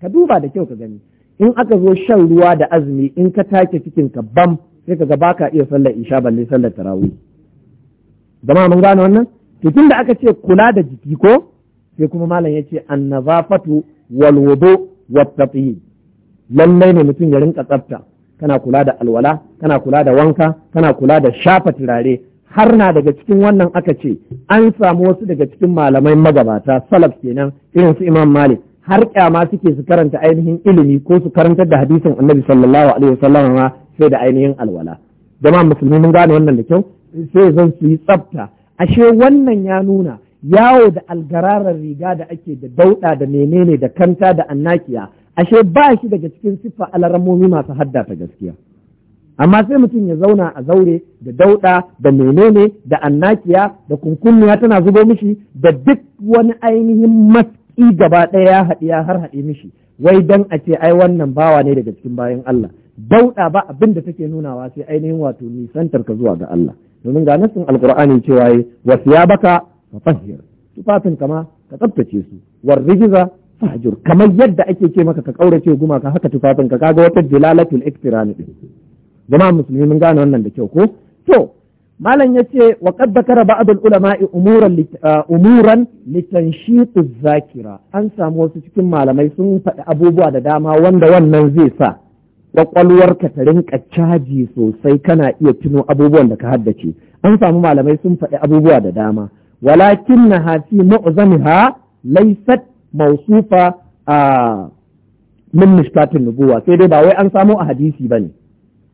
ka duba da kyau ka gani in aka zo shan ruwa da azumi in ka take cikin ka bam sai kaga baka iya sallar isha balle sallar tarawih zama mun gane wannan to tunda aka ce kula da jiki ko sai kuma malam yace annazafatu wal wudu والتطيب lallai ne mutum ya rinka tsafta kana kula da alwala kana kula da wanka kana kula da shafa turare har na daga cikin wannan aka ce an samu wasu daga cikin malamai magabata salaf kenan irin su imam malik har kyama suke su karanta ainihin ilimi ko su karanta da hadisin annabi sallallahu alaihi wasallam ma sai da ainihin alwala jama'a musulmi mun gane wannan da kyau sai zan su yi tsafta ashe wannan ya nuna yawo da algararar riga da ake da dauɗa da menene da kanta da annakiya ashe ba shi daga cikin siffa alaramomi masu haddasa gaskiya amma sai mutum ya zauna a zaure da dauɗa da menene da annakiya da kunkunniya tana zubo mishi da duk wani ainihin matsi gaba ɗaya ya haɗi ya har haɗe mishi wai dan a ce ai wannan bawa ne daga cikin bayan Allah dauɗa ba abin da take nunawa sai ainihin wato nisantar ka zuwa ga Allah domin ga nasin alqur'ani cewa baka. fatahhir tufafin kama ka tsaftace su war rijiza fahjur kamar yadda ake ce maka ka kaurace gumaka haka tufafin ka kaga wata jilalatul iktirani din jama'a musulmi mun gane wannan da kyau ko to malam yace wa qad dakara ba'd al ulama umuran ah, umuran litanshiq zakira an samu wasu cikin malamai sun faɗi abubuwa da dama wanda wannan zai sa kwakwalwarka ta rinka caji sosai kana iya tuno abubuwan da ka haddace an samu malamai sun faɗi abubuwa da dama ولكنها في معظمها ليست موصوفة آه من ba النبوة an باوي a hadisi ba بني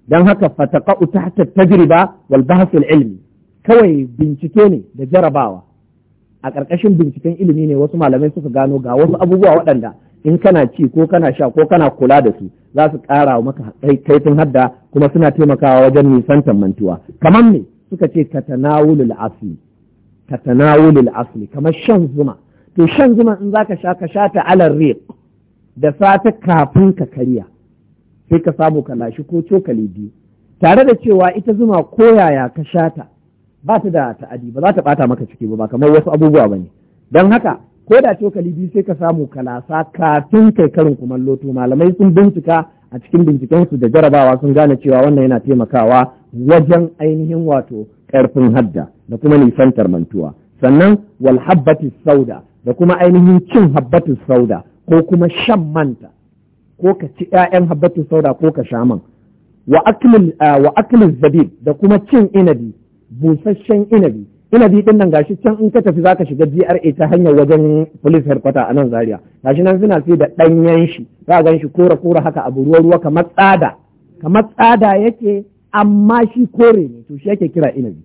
dan haka fataqa'u tahta tajriba wal bahth al ilmi kawai bincike ne da jarabawa a ƙarƙashin binciken ilimi ne wasu malamai suka gano ga wasu abubuwa waɗanda in kana ci ko kana sha ko kana kula da su za su ƙara maka kaifin hadda kuma suna taimakawa wajen nisantar mantuwa kamar ne suka ce ka asli ka tanawulil asli kamar shan zuma to shan zuma in zaka sha ka sha ta alar riq da safe kafin ka karya sai ka samu ka lashi ko cokali biyu tare da cewa ita zuma koyaya ka sha ba ta da ta'adi ba za ta bata maka ciki ba kamar wasu abubuwa bane don haka ko da cokali biyu sai ka samu kalasa kafin kai karin kumallo to malamai sun bincika a cikin bincikensu da jarabawa sun gane cewa wannan yana taimakawa wajen ainihin wato karfin hadda da kuma nisantar mantuwa sannan wal sauda da kuma ainihin cin habbatu sauda ko kuma shan manta ko ka ci ƴaƴan habbatu sauda ko ka sha man wa aklil zabib da kuma cin inabi busasshen inabi inabi din nan gashi can in ka tafi zaka shiga GRA ta hanyar wajen police headquarter a nan Zaria gashi nan suna sai da ɗanyen shi za gan shi kora kora haka a ruwa ruwa kamar tsada kamar tsada yake amma shi kore ne to shi yake kira inabi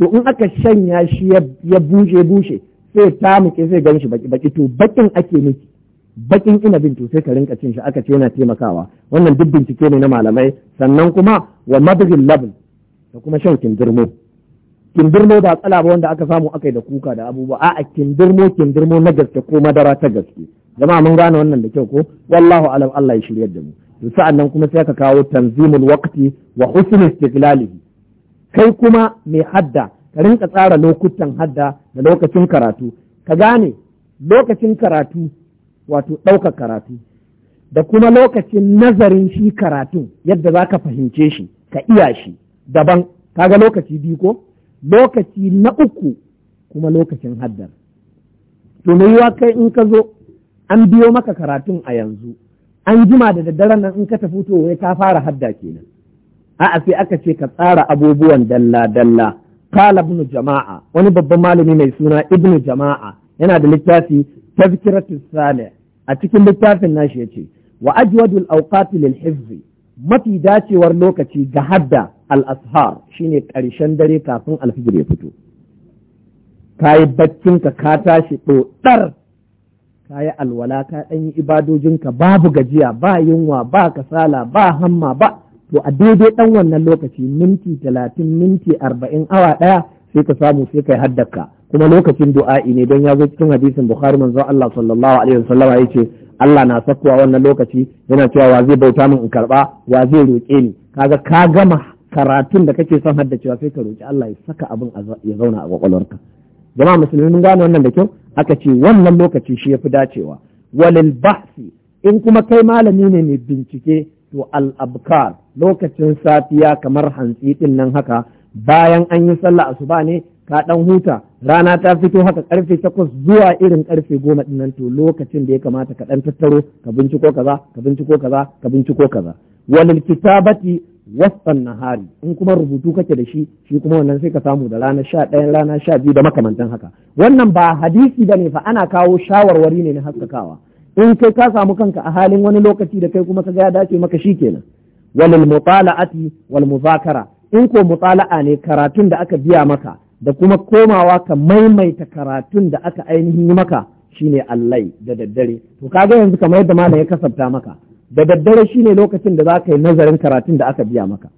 to in aka shanya shi ya bushe bushe sai ta muke sai gan shi baki baki to bakin ake miki bakin inabin to sai ka rinka cin shi aka ce yana taimakawa wannan duk bincike ne na malamai sannan kuma wa madghil labin da kuma shan kindirmo kindirmo ba tsala ba wanda aka samu aka yi da kuka da abubuwa a'a kindirmo kindirmo na gaske ko madara ta gaske Zama mun gane wannan da kyau ko wallahu alam Allah ya shiryar da mu to sa'annan kuma sai ka kawo tanzimul waqti wa husnul istiqlalihi kai kuma mai hadda ka rinka tsara lokutan hadda da lokacin karatu ka gane lokacin karatu wato ɗaukar karatu da kuma lokacin nazarin shi karatun yadda za ka fahimce shi ka iya shi daban ka ga lokaci biyu ko lokaci na uku kuma lokacin haddar to mai yiwa kai in ka zo an biyo maka karatun a yanzu an jima da daddaren nan in ka tafi to wai ka fara hadda kenan a'a sai aka ce ka tsara abubuwan dalla dalla Kala ibn jama'a wani babban malami mai suna ibn jama'a yana da littafi tazkiratu sale a cikin littafin nashi ya wa ajwadul awqati lil hifzi mafi dacewar lokaci ga hadda al-ashar shine ƙarshen dare kafin alfijir ya fito kayi baccin ka ka tashi ɗoɗar kayi alwala ka ɗan yi ibadojinka babu gajiya ba yunwa ba kasala ba hamma ba to a daidai ɗan wannan lokaci minti talatin minti arba'in awa ɗaya sai ka samu sai ka kai haddaka kuma lokacin du'a'i ne don ya zo cikin hadisin bukhari manzon Allah sallallahu alaihi wasallam ya ce Allah na sakkowa wannan lokaci yana cewa wa zai bauta min in karɓa? wa zai roƙe ni kaga ka gama karatun da kake son haddacewa sai ka roƙi Allah ya saka abin ya zauna a kwakwalwarka jama'a musulmi mun gane wannan da kyau aka ce wannan lokaci shi ya yafi dacewa walil bahsi in kuma kai malami ne mai bincike to al lokacin safiya kamar hantsi ɗin nan haka bayan an yi sallah asuba ne ka ɗan huta rana ta fito haka ƙarfe takwas zuwa irin ƙarfe goma ɗin nan to lokacin da ya kamata ka ɗan tattaro ka binciko kaza ka binciko kaza ka binciko kaza walil kitabati na hari, in kuma rubutu kake da shi shi kuma wannan sai ka samu da rana sha ɗaya rana sha biyu da makamantan haka wannan ba hadisi ba ne fa ana kawo shawarwari ne na haskakawa in kai ka samu kanka a halin wani lokaci da kai kuma ka ya dace maka shikenan walil mutala'ati wal muzakara in ko mutala'a ne karatun da aka biya maka da kuma komawa ka maimaita karatun da aka ainihin yi maka shine allai da daddare to kaga yanzu kamar yadda malam ya kasabta maka da daddare shine lokacin da za ka yi nazarin karatun da aka biya maka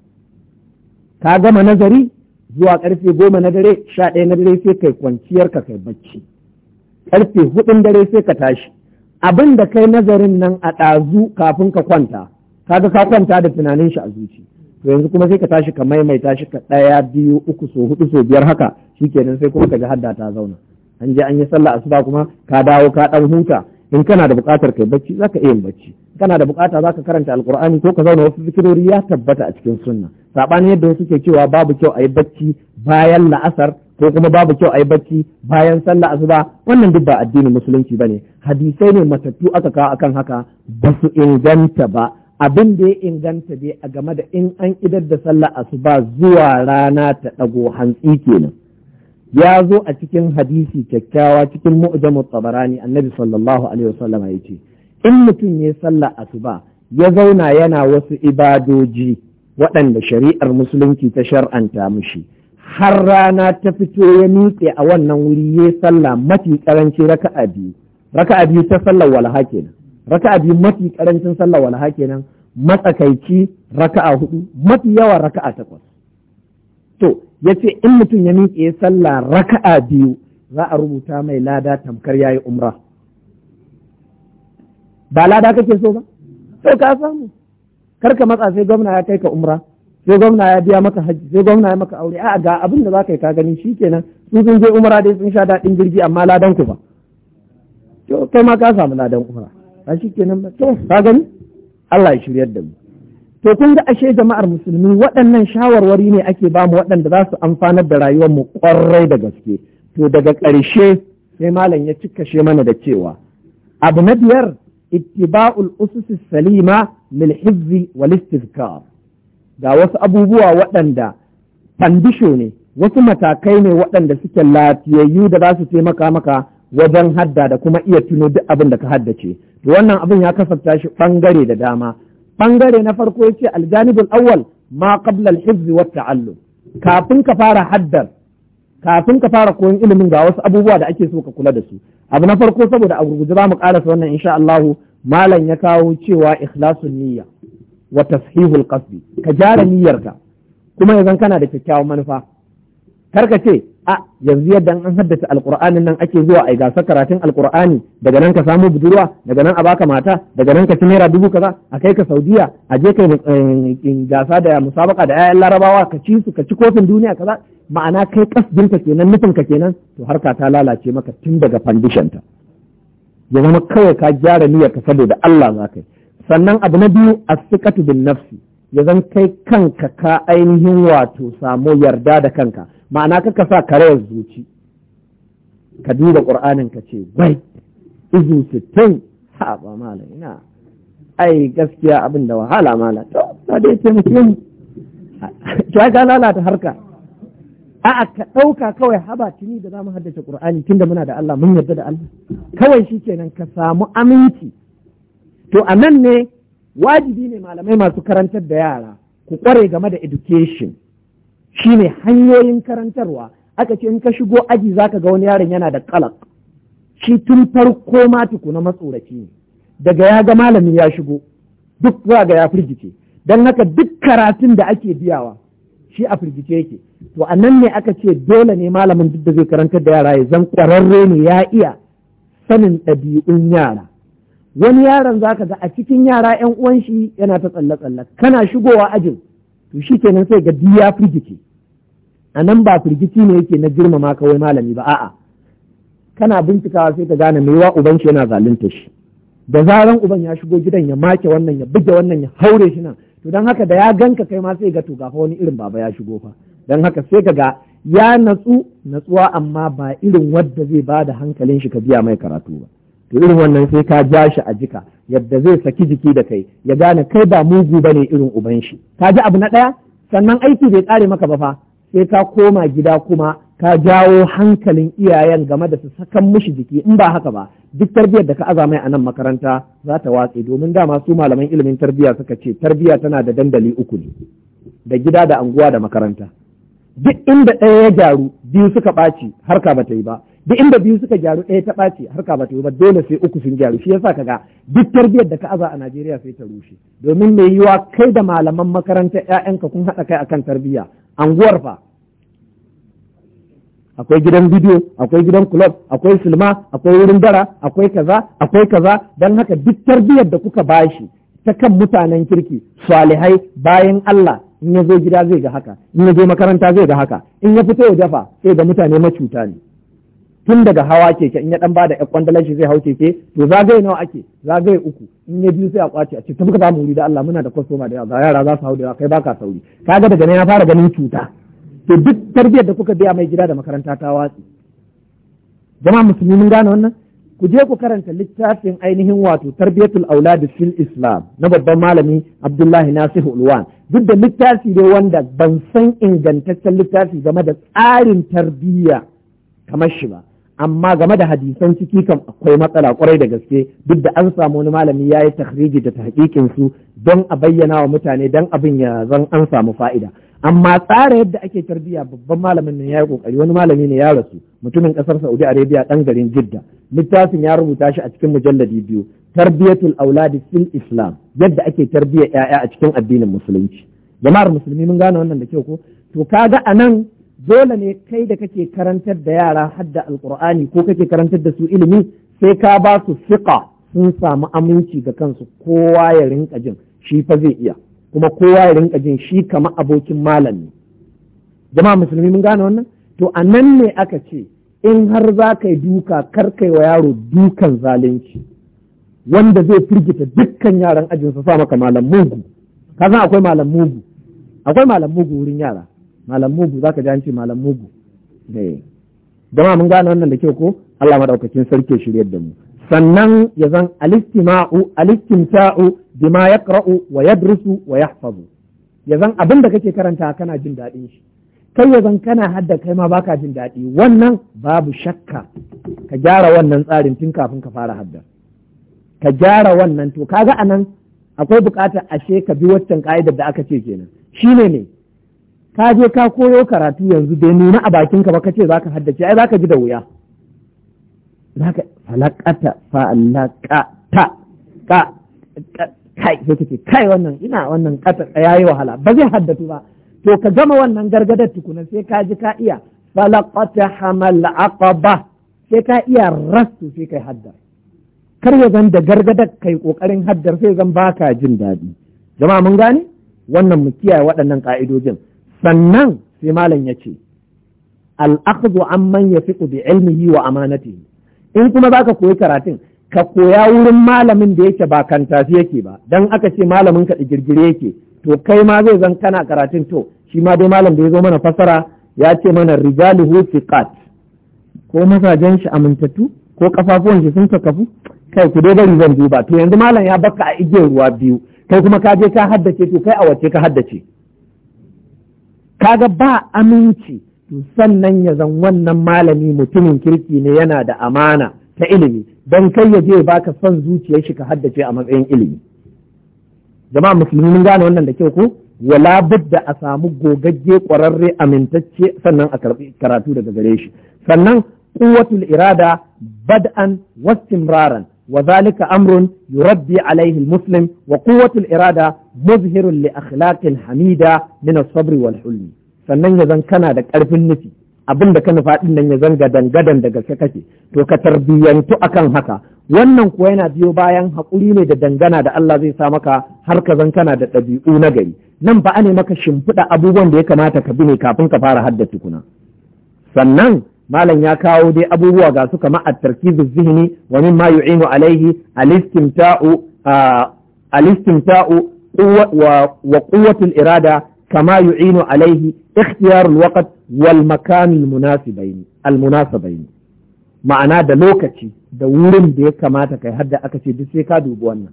ka gama nazari zuwa karfe goma na dare sha ɗaya na dare sai kai kwanciyar ka kai bacci karfe hudun dare sai ka tashi abin da kai nazarin nan a ɗazu kafin ka kwanta kaga ka kwanta da tunanin shi a zuci to yanzu kuma sai ka tashi ka maimaita shi ka ɗaya biyu uku so hudu so biyar haka shikenan sai kuma ka ji hadda ta zauna an je an yi sallah asuba kuma ka dawo ka ɗan huta in kana da buƙatar kai bacci zaka iya yin bacci kana da buƙata zaka karanta alqur'ani ko ka zauna wasu zikirori ya tabbata a cikin sunna saɓanin yadda wasu ke cewa babu kyau a yi bacci bayan la'asar ko kuma babu kyau a yi bacci bayan sallah asuba wannan duk ba addinin musulunci ba ne. hadisai ne matattu aka kawo akan haka ba su inganta ba abin da ya inganta dai a game da in an idar da sallah asuba zuwa rana ta dago hantsi kenan ya zo a cikin hadisi kyakkyawa cikin mu'jamu tabarani annabi sallallahu alaihi wasallam ya ce in mutum ya sallah asuba ya zauna yana wasu ibadoji waɗanda shari'ar musulunci ta shar'anta mushi har rana ta fito ya nutse a wannan wuri ya sallah mafi karanci raka'a biyu raka'a biyu ta sallar walha kenan raka'a biyu mafi karancin sallar walha kenan matsakaici raka'a hudu mafi yawa raka'a takwas to yace in mutum ya miƙe ya sallah raka'a biyu za a rubuta mai lada tamkar yayi umra ba lada kake so ba sai ka samu kar ka matsa sai gwamna ya kai ka umra sai gwamna ya biya maka hajji sai gwamna ya maka aure a'a ga abin da zaka yi ka gani shikenan su sun je umara dai sun sha daɗin jirgi amma ladan ku ba to kai ma ka samu ladan umara ba shikenan ba to ka gani Allah ya shiryar da mu to kun ga ashe jama'ar musulmi waɗannan shawarwari ne ake ba mu waɗanda za su amfanar da rayuwar mu ƙwarai da gaske to daga ƙarshe sai malam ya cika she mana da cewa abu na biyar ittiba'ul usus salima lil hizzi wal ga wasu abubuwa waɗanda fandisho ne wasu matakai ne waɗanda suke lafiyayyu da za su taimaka maka wajen hadda da kuma iya tuno duk abin da ka haddace to wannan abin ya kasafta shi ɓangare da dama ɓangare na farko yace aljanibul awwal ma qabla al wata wa kafin ka fara haddar kafin ka fara koyon ilimin ga wasu abubuwa da ake so ka kula da su abu na farko saboda a gurguje za mu karasa wannan insha Allah malam ya kawo cewa ikhlasun niyya wa tashihul qasdi ka jara niyyarka kuma yanzu kana da kyakkyawan manufa kar ka ce a yanzu yadda an haddace alqur'ani nan ake zuwa ai gasar karatun alqur'ani daga nan ka samu budurwa daga nan a baka mata daga nan ka ci naira dubu kaza a kai ka saudiya a je kai eh, gasa da musabaka da ayyan larabawa ka ci su ka ci kofin duniya kaza ma'ana kai kasdin ka kenan nufin ka kenan to harka ta lalace maka tun daga foundation ta ya zama kawai ka gyara niyyar ka saboda Allah za ka yi sannan abu na biyu a sikatu bin nafsi ya zan kai kanka ka ainihin wato samu yarda da kanka ma'ana kaka sa karayar zuci ka duba ƙur'anin ka ce bai izu sittin ha ba malam ina ai gaskiya abin da wahala malam to ta dai mutum mu ta ga lalata harka a'a ka ɗauka kawai haba tuni da za mu haddace ƙur'ani tunda muna da Allah mun yarda da Allah kawai shi kenan ka samu aminci to a nan ne wajibi ne malamai masu karantar da yara ku kware game da education shine hanyoyin karantarwa aka ce in ka shigo aji zaka ga wani yaron yana da kalak shi tun farko ma tukuna matsoraci ne daga ya ga malami ya shigo duk za ga ya firgice don haka duk karatun da ake biyawa shi a firgice yake to a nan ne aka ce dole ne malamin duk da zai karantar da yara ya zan kwararre ne ya iya sanin ɗabi'un yara wani yaron zaka ga a cikin yara yan uwan shi yana ta tsalle tsalle kana shigowa ajin to kenan sai ga ya firgice a nan ba firgici ne yake na girmama kawai malami ba a'a kana bincikawa sai ka gane mai wa uban shi yana zalunta shi da zaran uban ya shigo gidan ya make wannan ya buge wannan ya haure shi nan to don haka da ya ganka kai ma sai ga to gafa wani irin baba ya shigo fa don haka sai ka ga ya natsu natsuwa amma ba irin wadda zai ba da hankalin shi ka biya mai karatu ba to irin wannan sai ka ja shi a jika yadda zai saki jiki da kai ya gane kai ba mugu ba ne irin uban shi ka ji abu na ɗaya sannan aiki bai ƙare maka ba fa sai ka koma gida kuma ka jawo hankalin iyayen game da su sakan mishi jiki in ba haka ba duk tarbiyyar da ka aza mai a nan makaranta za ta watse domin dama su malaman ilimin tarbiyya suka ce tarbiyya tana da dandali uku ne da gida da anguwa da makaranta duk inda ɗaya ya gyaru biyu suka ɓaci harka ba ta yi ba duk inda biyu suka gyaru ɗaya ta ɓaci harka ba ta yi ba dole sai uku sun gyaru shi yasa kaga duk tarbiyyar da ka aza a Najeriya sai ta rushe domin mai yiwa kai da malaman makaranta ƴaƴanka kun haɗa kai akan tarbiyya anguwar fa akwai gidan bidiyo akwai gidan club akwai silma akwai wurin dara akwai kaza akwai kaza don haka duk tarbiyyar da kuka bashi ta kan mutanen kirki salihai bayan Allah in ya zo gida zai ga haka in ya zo makaranta zai ga haka in ya fito ya dafa sai ga mutane macuta ne tun daga hawa keke in ya dan bada ƴan kwandalan shi zai hau keke to zagaye nawa ake zagaye uku in ya biyu sai a kwace a ce ta muka ba mu wuri da Allah muna da kwastoma da yawa yara za su hau da yawa kai baka sauri kaga daga nan ya fara ganin cuta to duk tarbiyyar da kuka biya mai gida da makaranta ta watsi jama musulmi mun gane wannan ku je ku karanta littafin ainihin wato tarbiyatul auladi fil islam na babban malami Abdullahi Nasih Ulwan duk da littafi ne wanda ban san ingantaccen littafi game da tsarin tarbiyya kamar shi ba amma game da hadisan ciki kan akwai matsala kwarai da gaske duk da an samu wani malami ya yi tahriji da tahqiqin su don a bayyana wa mutane don abin ya zan an samu fa'ida amma tsara yadda ake tarbiyya babban malamin nan yi kokari wani malami ne ya rasu mutumin kasar Saudi Arabia dan garin Jidda littafin ya rubuta shi a cikin mujalladi biyu tarbiyatul auladi fil islam yadda ake tarbiyyar yaya a cikin addinin musulunci jama'ar musulmi mun gane wannan da kyau ko to kaga anan dole ne kai da kake karantar da yara hadda alkur'ani ko kake karantar da su ilimi sai ka ba su fiqa sun samu aminci ga kansu kowa ya rinka jin shi fa zai iya kuma kowa ya rinka jin shi kama abokin malam ne jama'a musulmi mun gane wannan to a nan ne aka ce in har za ka yi duka kar kai wa yaro dukan zalunci wanda zai firgita dukkan yaran ajin su sa maka malam mugu ka san akwai malam mugu akwai malam mugu wurin yara malam mugu ka ji an ce malam mugu eh. jama'a mun gane wannan da kyau ko Allah madaukakin sarki shiryar da mu sannan ya zan alistima'u alistimta'u bima yaqra'u wa yadrusu wa yahfazu ya zan abin da kake karanta kana jin daɗin shi kai ya zan kana hadda kai ma baka jin daɗi wannan babu shakka ka gyara wannan tsarin tun kafin ka fara hadda ka gyara wannan to kaga anan akwai bukatar ashe ka bi waccan ka'idar da aka ce kenan shine ne ka je ka koyo karatu yanzu bai nuna a bakinka ba kace zaka haddace ai zaka ji da wuya zaka falakata falakata ka kai sai kace kai wannan ina wannan kata yayi wahala ba zai haddatu ba to ka gama wannan gargadar tukuna sai ka ji ka iya falakata hamal aqaba sai ka iya rasu sai kai haddar kar ya zan da gargadar kai kokarin haddar sai zan baka jin daɗi jama'a mun gane wannan mu kiyaye waɗannan ka'idojin sannan sai malam ya ce al'aqdu amman yafiqu bi ilmihi wa amanatihi in kuma zaka koyi karatun ka koya wurin malamin da yake ba kantasi yake ba dan aka ce malamin ka digirgire yake to kai ma zai zan kana karatun to shi ma dai malam da ya zo mana fasara ya ce mana rijaluhu thiqat ko mazajen shi amintattu ko kafafuwan shi sun kafu kai ku dai bari zan duba to yanzu malam ya baka a igiyar ruwa biyu kai kuma ka je ka haddace to kai a wace ka haddace kaga ba aminci to sannan ya zan wannan malami mutumin kirki ne yana da amana ta ilimi don kai ya je baka son zuciyar shi ka haddace a matsayin ilimi jama'a musulmi mun gane wannan da kyau ko wala budda a samu gogagge kwararre amintacce sannan a karatu daga gare shi sannan quwwatul irada bad'an wastimraran wa zalika amrun rabbi alaihi muslim wa quwwatul irada muzhirun li akhlaqil hamida min as sannan ya zan kana da karfin nufi abin da ka nufa din nan ya zan gadan gadan da gaske kake to ka tarbiyyantu akan haka wannan kuwa yana biyo bayan haƙuri ne da dangana da Allah zai sa maka har ka zan kana da ɗabi'u na gari nan ba ne maka shimfiɗa abubuwan da ya kamata ka bi ne kafin ka fara hadda tukuna sannan malam ya kawo dai abubuwa ga su kamar at-tarkizu zihni wa mimma yu'inu alaihi al-istimta'u al-istimta'u wa quwwatul irada kama yu'inu alaihi ikhtiyar alwaqt wal makan al almunasabain ma'ana da lokaci da wurin da ya kamata kai hadda aka ce duk sai ka dubi wannan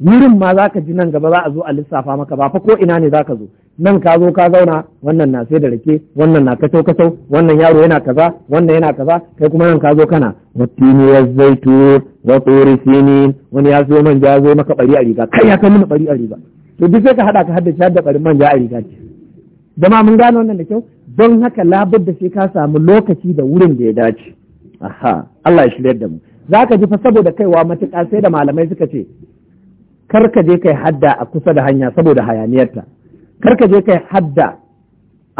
wurin ma za ka ji nan gaba za a zo a lissafa maka ba fa ko ina ne za ka zo nan ka zo ka zauna wannan na sai da rake wannan na kato kato wannan yaro yana kaza wannan yana kaza kai kuma nan ka zo kana wattini ya zaitu wa tsori sinin wani ya zo manja ya zo maka bari a riga kai ya kai mini bari a riga to duk sai ka hada ka haddace da barin manja a riga ce dama mun gane wannan da kyau don haka labar da sai ka samu lokaci da wurin da ya dace aha Allah ya shirya da mu zaka ji fa saboda kaiwa matuƙa sai da malamai suka ce kar ka je kai hadda a kusa da hanya saboda hayaniyarta kar ka je kai hadda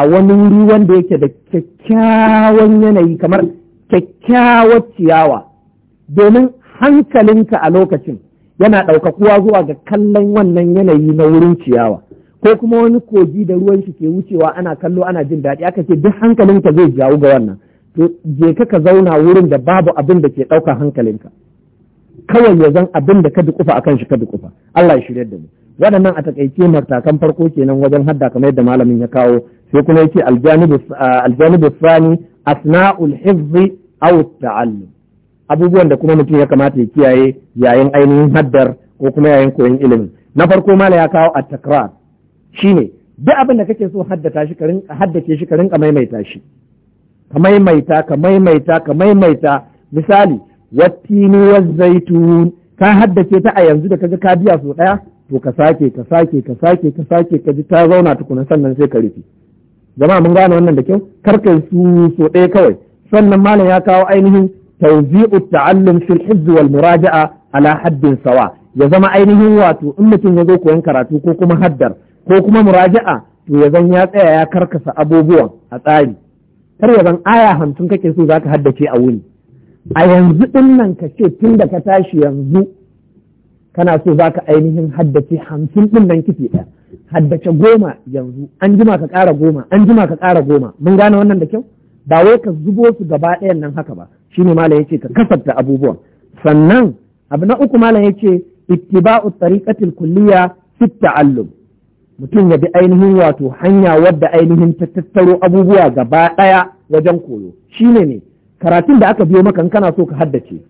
a wani wuri wanda yake da kyakkyawan yanayi kamar kyakkyawar ciyawa domin hankalinka a lokacin yana ɗaukakuwa zuwa ga kallon wannan yanayi na wurin ciyawa ko kuma wani kogi da ruwan shi ke wucewa ana kallo ana jin daɗi aka ce duk hankalinka zai jawo ga wannan to je ka ka zauna wurin da babu abin da ke ɗaukar hankalinka kawai ya zan abin da ka dukufa akan shi ka kufa. Allah ya shirya da mu waɗannan a takaice matakan farko kenan wajen hadda kamar yadda malamin ya kawo sai kuma yake aljanibu sani asna'ul hifzi aw ta'allum abubuwan da kuma mutum ya kamata ya kiyaye yayin ainihin haddar ko kuma yayin koyon ilimi na farko mala ya kawo at takrar shine duk abin da kake so haddata shi karin haddace shi ka rinka maimaita shi ka maimaita ka maimaita ka maimaita misali wattini wazzaitun ka haddace ta a yanzu da kaga ka biya so daya to ka sake ka sake ka sake ka sake ka ji ta zauna tukuna sannan sai ka rufe zama mun gane wannan da kyau karkai su so ɗaya kawai sannan malam ya kawo ainihin tawzi'u ta'allum fil hizz wal muraja'a ala haddin sawa ya zama ainihin wato in mutum ya zo koyan karatu ko kuma haddar ko kuma muraja'a to ya zan ya tsaya ya karkasa abubuwan a tsari kar ya zan aya hamsin kake so zaka haddace a wuni a yanzu ɗin nan ka ce tun da ka tashi yanzu kana so za ka ainihin haddace hamsin ɗin nan kifi ɗaya haddace goma yanzu an jima ka ƙara goma an jima ka ƙara goma mun gane wannan da kyau ba wai ka zubo su gaba ɗayan nan haka ba shine malam yace ka kasafta abubuwan sannan abu na uku malam yace ittiba'u tariqatil kulliya fi ta'allum mutum ya bi ainihin wato hanya wadda ainihin ta tattaro abubuwa gaba ɗaya wajen koyo shine ne karatun da aka biyo maka in kana so ka haddace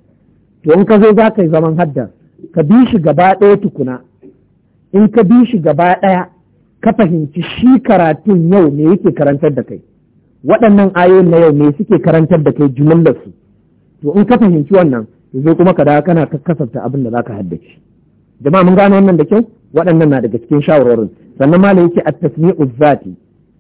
to in ka zo za ka yi zaman hadda ka bi shi gaba ɗaya tukuna in ka bi shi gaba ɗaya ka fahimci shi karatun yau me yake karantar da kai waɗannan ayoyin na yau ne suke karantar da kai jumlar su to in ka fahimci wannan to zo kuma ka dawo kana kasafta abin da za ka haddace jama'a mun gane wannan da kyau waɗannan na daga cikin shawarwarin sannan malam yake at-tasmi'u zati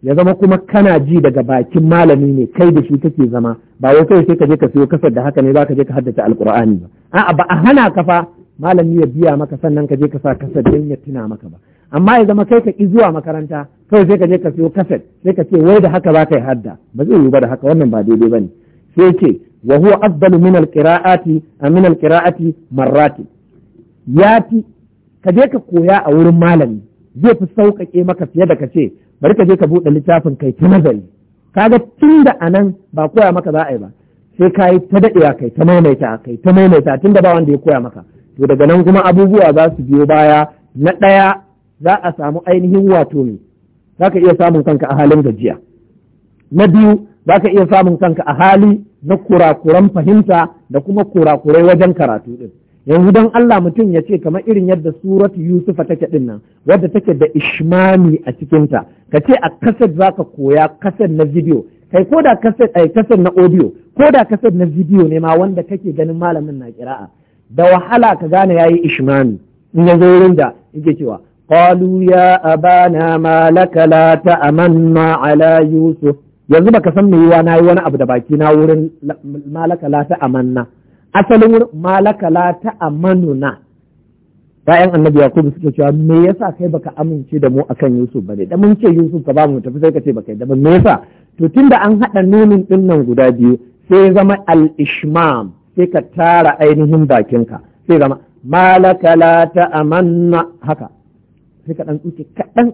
ya zama kuma kana ji daga bakin malami ne kai da shi kake zama ba wai kai sai ka je ka siyo kasar da haka ne za ka je ka haddace alkur'ani ba a'a ba a hana ka fa malami ya biya maka sannan ka je ka sa kasar dan ya tuna maka ba amma ya zama kai ka ki zuwa makaranta kawai sai ka je ka siyo kasar sai ka ce wai da haka za ka yi hadda ba zai yi ba da haka wannan ba daidai ba ne sai ce wa huwa afdalu min alqira'ati min alqira'ati marrati yati ka je ka koya a wurin malami zai fi sauƙaƙe maka fiye da ka ce bari ka je ka buɗe littafin kai ta nazari kaga tun da anan ba koya maka za a yi ba sai ka yi ta daɗewa kai ta maimaita kai ta maimaita tun da ba wanda ya koya maka to daga nan kuma abubuwa za su biyo baya na ɗaya za a samu ainihin wato ne za ka iya samun kanka a halin gajiya na biyu za ka iya samun kanka a hali na kurakuran fahimta da kuma kurakurai wajen karatu ɗin yanzu don Allah mutum ya ce kamar irin yadda surat Yusufa take din nan wadda take da ishmami a cikinta ka ce a kaset ka koya kaset na video kai ko da kaset na audio ko da kaset na video ne ma wanda kake ganin malamin na kira'a da wahala ka gane yayi ishmami in ya zo wurin da yake cewa qalu ya abana ma ta la ta'amanna ala yusuf yanzu baka san me na nayi wani abu da baki na wurin malaka la ta'amanna asalin wurin malaka la amanuna. bayan annabi kuma suke cewa me yasa kai baka amince da mu akan yusuf bane da mun ce yusuf ka ba mu tafi sai ka ce baka da me yasa to tunda an hada nunin din nan guda biyu sai zama al-ishmam sai ka tara ainihin bakinka sai zama malaka la amanna. haka sai ka dan tsuke dan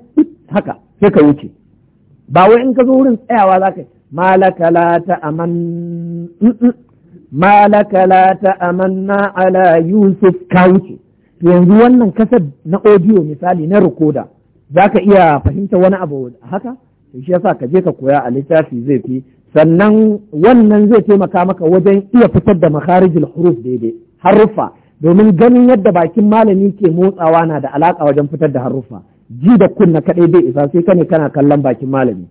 haka sai ka wuce ba wai in ka zo wurin tsayawa zaka malaka la amanna malaka la ta'amanna ala yusuf ka wuce to yanzu wannan kasar na audio misali na rikoda zaka iya fahimta wani abu haka to shi yasa ka je ka koya a littafi zai fi sannan wannan zai taimaka maka wajen iya fitar da makarijin huruf daidai haruffa domin ganin yadda bakin malami ke motsawa na da alaka wajen fitar da haruffa ji da kunna kaɗai bai isa sai kane kana kallon bakin malami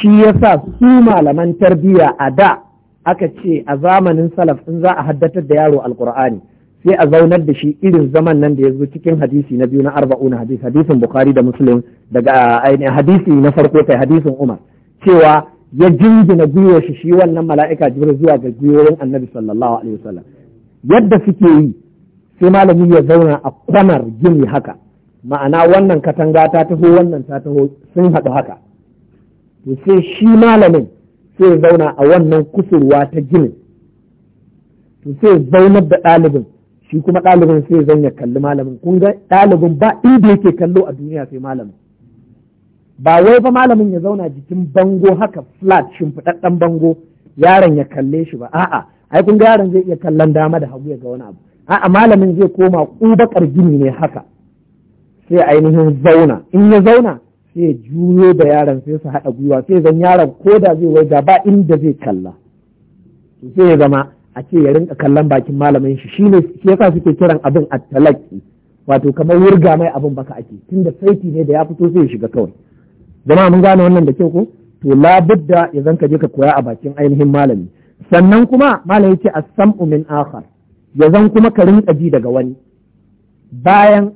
shi yasa su malaman tarbiyya a da aka ce a zamanin salaf in za a haddatar da yaro alkur'ani sai a zaunar da shi irin zaman nan da ya zo cikin hadisi na biyu na arba'una hadisi, hadisin bukhari da muslim daga ah, ainihin hadisi na farko kai hadisin umar cewa ya jingina gwiwar shi shi wannan mala'ika jibril zuwa ga gwiwoyin annabi sallallahu alaihi wasallam yadda suke yi sai malami ya zauna a kwanar gini haka ma'ana wannan katanga ta taho wannan ta taho sun haɗu haka to sai shi malamin sai zauna a wannan kusurwa ta ginin to sai zaunar da ɗalibin shi kuma ɗalibin sai zan ya kalli malamin kun ga ɗalibin ba inda yake kallo a duniya sai malamin ba wai ba malamin ya zauna jikin bango haka flat shimfiɗaɗɗen bango yaron ya kalle shi ba a'a ai kun ga yaron zai iya kallon dama da hagu ya ga wani abu a'a malamin zai koma ƙubakar gini ne haka sai ainihin zauna in ya zauna sai ya juyo da yaron sai su haɗa gwiwa sai zan yaron ko da zai wai ba inda zai kalla sai ya zama a ce ya rinka kallon bakin malamin shi ne shi yasa suke kiran abin at-talaqi wato kamar wurga mai abin baka ake tunda saiti ne da ya fito sai ya shiga kawai Zama mun gane wannan da kyau ko to labudda ya zanka je ka koya a bakin ainihin malami sannan kuma malam yace as-sam'u min akhar ya zan kuma ka rinka ji daga wani bayan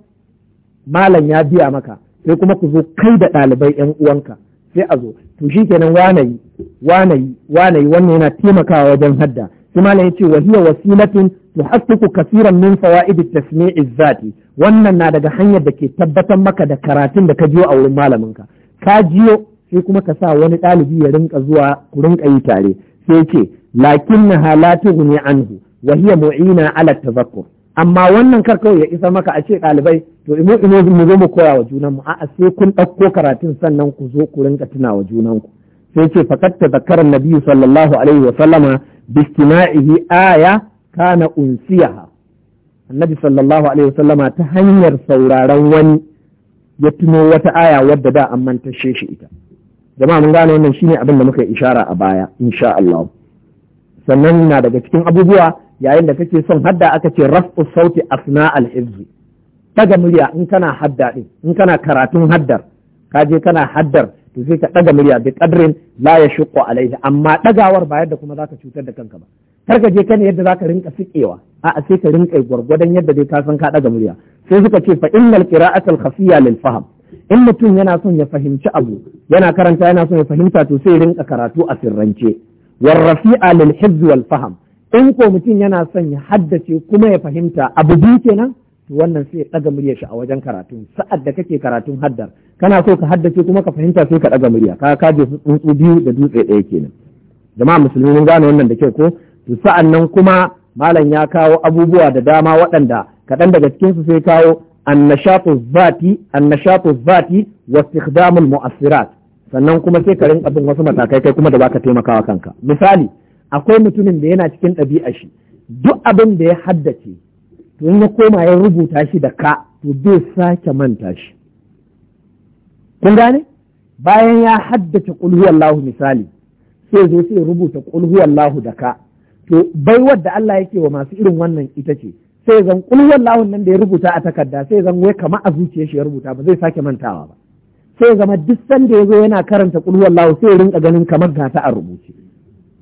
malam ya biya maka sai kuma ku zo kai da ɗalibai yan uwanka sai a zo to kenan wanayi wanayi wanayi wannan yana taimakawa wajen hadda sai malam yace wa hiya wasilatin tuhaqqiqu kaseeran min fawaid at-tasmi' zati wannan na daga hanyar da ke tabbatar maka da karatun da ka jiyo a wurin malaminka ka jiyo sai kuma ka sa wani ɗalibi ya rinka zuwa ku rinka yi tare sai ce lakinnaha la tughni anhu wa hiya mu'ina ala tadhakkur amma wannan kar kawai ya isa maka a ce ɗalibai to imo imo mu zo mu koya wa junanmu a'a sai kun ɗauko karatun sannan ku zo ku rinka tuna wa junanku sai ce fakat ta zakaran nabi sallallahu alaihi wa sallama bistima'ihi aya kana unsiyaha annabi sallallahu alaihi wa sallama ta hanyar sauraron wani ya tuno wata aya wadda da an mantashe shi ita jama'a mun gane wannan shine abin da muka yi ishara a baya insha Allah sannan na daga cikin abubuwa yayin da kake son hadda aka ce raf'u sauti asna al-hifz daga murya in kana hadda din in kana karatun haddar ka je kana haddar to sai ka daga murya bi qadrin la yashqu alaihi amma dagawar ba yadda kuma zaka cutar da kanka ba kar ka je kana yadda zaka rinka sikewa a sai ka rinka gwargwadon yadda dai ka san ka daga murya sai suka ce fa innal qira'ata al lil fahm in mutum yana son ya fahimci abu yana karanta yana son ya fahimta to sai rinka karatu a sirrance warrafi'a lil hizzi wal fahm in ko mutum yana son ya haddace kuma ya fahimta abu biyu kenan to wannan sai ya ɗaga murya shi a wajen karatu sa'ad da kake karatun haddar kana so ka haddace kuma ka fahimta sai ka ɗaga murya ka kaje su tsuntsu biyu da dutse ɗaya kenan jama'a musulmi mun gane wannan da kyau ko to sa'an nan kuma malam ya kawo abubuwa da dama waɗanda kaɗan daga cikinsu sai kawo annashatu zati annashatu zati wa istikhdamul mu'assirat sannan kuma sai ka rinka bin wasu matakai kai kuma da baka taimakawa kanka misali akwai mutumin da yana cikin ɗabi'a shi duk abin da ya haddace to in ya koma ya rubuta shi da ka to zai sake manta shi kun gane bayan ya haddace kulhuwallahu misali sai zo sai rubuta kulhuwallahu da ka to baiwar da Allah yake wa masu irin wannan ita ce sai zan kulhuwallahu nan da ya rubuta a takarda sai zan wai kama a zuciyar shi ya rubuta ba zai sake mantawa ba sai zama duk sanda ya zo yana karanta kulhuwallahu sai rinka ganin kamar gata a rubuce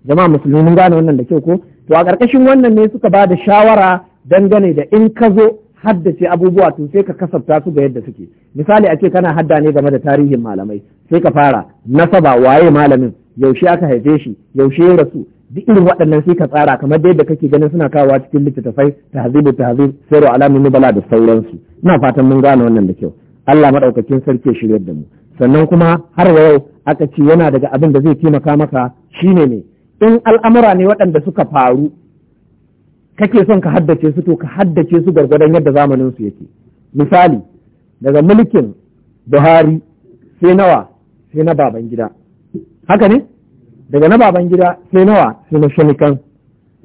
jama'a musulmi mun gane wannan da kyau ko to a ƙarƙashin wannan ne suka ba da shawara dangane da in ka zo haddace abubuwa to sai ka kasafta su ga yadda suke misali a ce kana hadda ne game da tarihin malamai sai ka fara nasaba waye malamin yaushe aka haife shi yaushe ya rasu duk irin waɗannan sai ka tsara kamar yadda kake ganin suna kawowa cikin littattafai tahzibu tahzib sayru alamin nubala da sauransu ina fatan mun gane wannan da kyau Allah madaukakin sarki shiryar da mu sannan kuma har yau aka ce yana daga abin da zai taimaka maka shine ne in al'amura ne waɗanda suka faru kake son ka haddace su to ka haddace su gwargwadon yadda zamanin su yake misali daga mulkin buhari sai nawa sai na baban gida haka ne daga na baban gida sai nawa sai na shanikan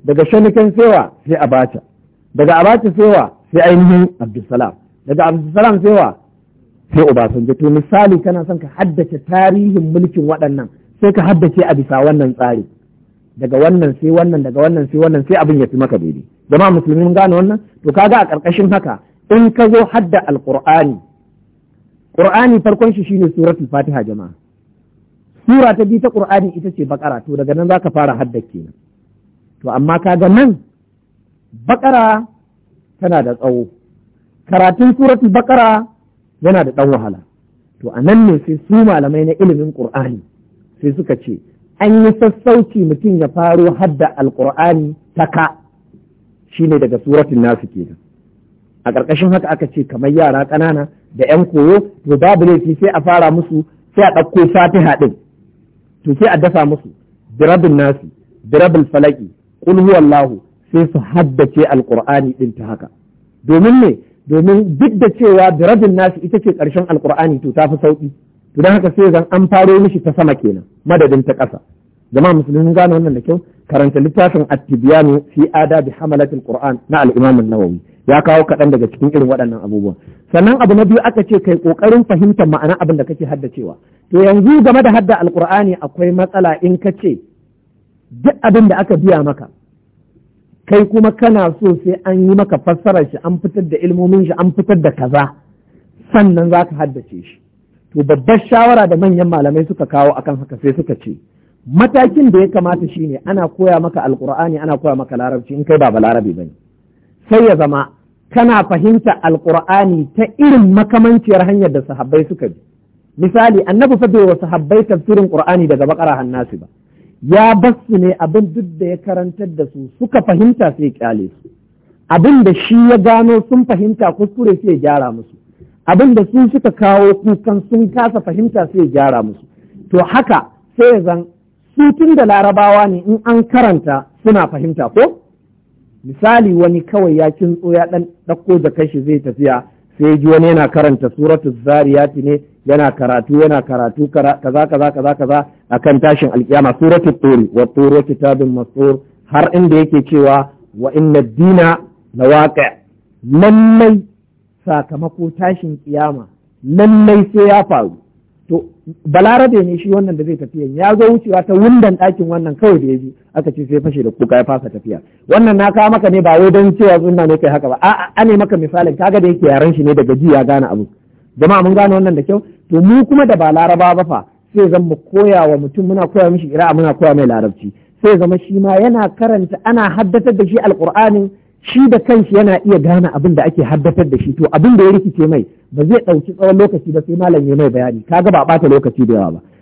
daga shanikan sewa sai abacha daga abacha sewa sai ainihin abdulsalam daga abdulsalam sewa sai obasanjo to misali kana son ka haddace tarihin mulkin waɗannan sai ka haddace a bisa wannan tsari daga wannan sai wannan daga wannan sai wannan sai abin ya fi maka daidai jama'a musulmi mun gane wannan to kaga a karkashin haka in ka zo hadda alqur'ani qur'ani farkon shi shine suratul fatiha jama'a sura ta biyu ta qur'ani ita ce bakara to daga nan zaka fara hadda kenan to amma kaga nan bakara tana da tsawo karatun suratul bakara yana da ɗan wahala to a ne sai su malamai na ilimin qur'ani sai suka ce an yi sassauci mutum ya faro hadda alkur'ani taka ne daga suratun nasu kenan a ƙarƙashin haka aka ce kamar yara ƙanana da 'yan koyo to babu laifi sai a fara musu sai a ɗauko fatiha ɗin to sai a dafa musu birabin nasu birabin falaki kul huwallahu sai su haddace alkur'ani ɗin ta haka domin ne domin duk da cewa birabin nasu ita ce ƙarshen alkur'ani to ta fi sauƙi to dan haka sai zan an faro mishi ta sama kenan madadin ta ƙasa jama'a musulmin gane wannan da kyau karanta littafin at-tibyanu fi adabi hamalatil qur'an na al-imam nawawi ya kawo kaɗan daga cikin irin waɗannan abubuwa. sannan abu na biyu aka ce kai ƙoƙarin fahimtar ma'ana abin da kake haddacewa to yanzu game da hadda alƙur'ani akwai matsala in ka ce duk abin da aka biya maka kai kuma kana so sai an yi maka fassarar shi an fitar da ilmomin shi an fitar da kaza sannan za ka haddace shi to babbar shawara da manyan malamai suka kawo akan haka sai suka ce matakin da ya kamata shine ana koya maka alkur'ani ana koya maka larabci in kai ba Larabi bane sai ya zama kana fahimta alkur'ani ta irin makamanciyar hanyar da sahabbai suka bi misali annabi fa bai wa sahabbai tafsirin qur'ani daga bakara hannasi ba ya basu ne abin duk da ya karantar da su suka fahimta sai kyale su abin da shi ya gano sun fahimta kuskure sai ya gyara musu abin da sun suka kawo kukan sun kasa fahimta sai ya gyara musu to haka sai ya zan su tun da larabawa ne in an karanta suna fahimta ko misali wani kawai ya kintso ya ɗan ɗauko da kashi zai tafiya sai ji wani yana karanta suratu zariyati ne yana karatu yana karatu kaza kaza kaza kaza akan tashin alkiyama suratu turi wa turu kitabin masur har inda yake cewa wa inna dina lawaqi lallai sakamako tashin kiyama lallai sai ya faru to balarabe ne shi wannan da zai tafiya ya zo wucewa ta wundan ɗakin wannan kawai da ya ji aka ce sai fashe da kuka ya fasa tafiya wannan na kawo maka ne ba wai don cewa sunna ne kai haka ba a ane maka misalin kaga da yake yaran shi ne daga ji ya gane abu jama'a mun gane wannan da kyau to mu kuma da ba laraba ba fa sai zan mu koya wa mutum muna koya mishi ira'a muna koya mai larabci sai zama shi ma yana karanta ana haddatar da shi alqur'anin shi da kanshi yana iya gane abin da ake haddatar da shi to abin da ya rikice mai ba zai ɗauki tsawon lokaci ba sai malam ya mai bayani kaga ba ɓata lokaci da yawa ba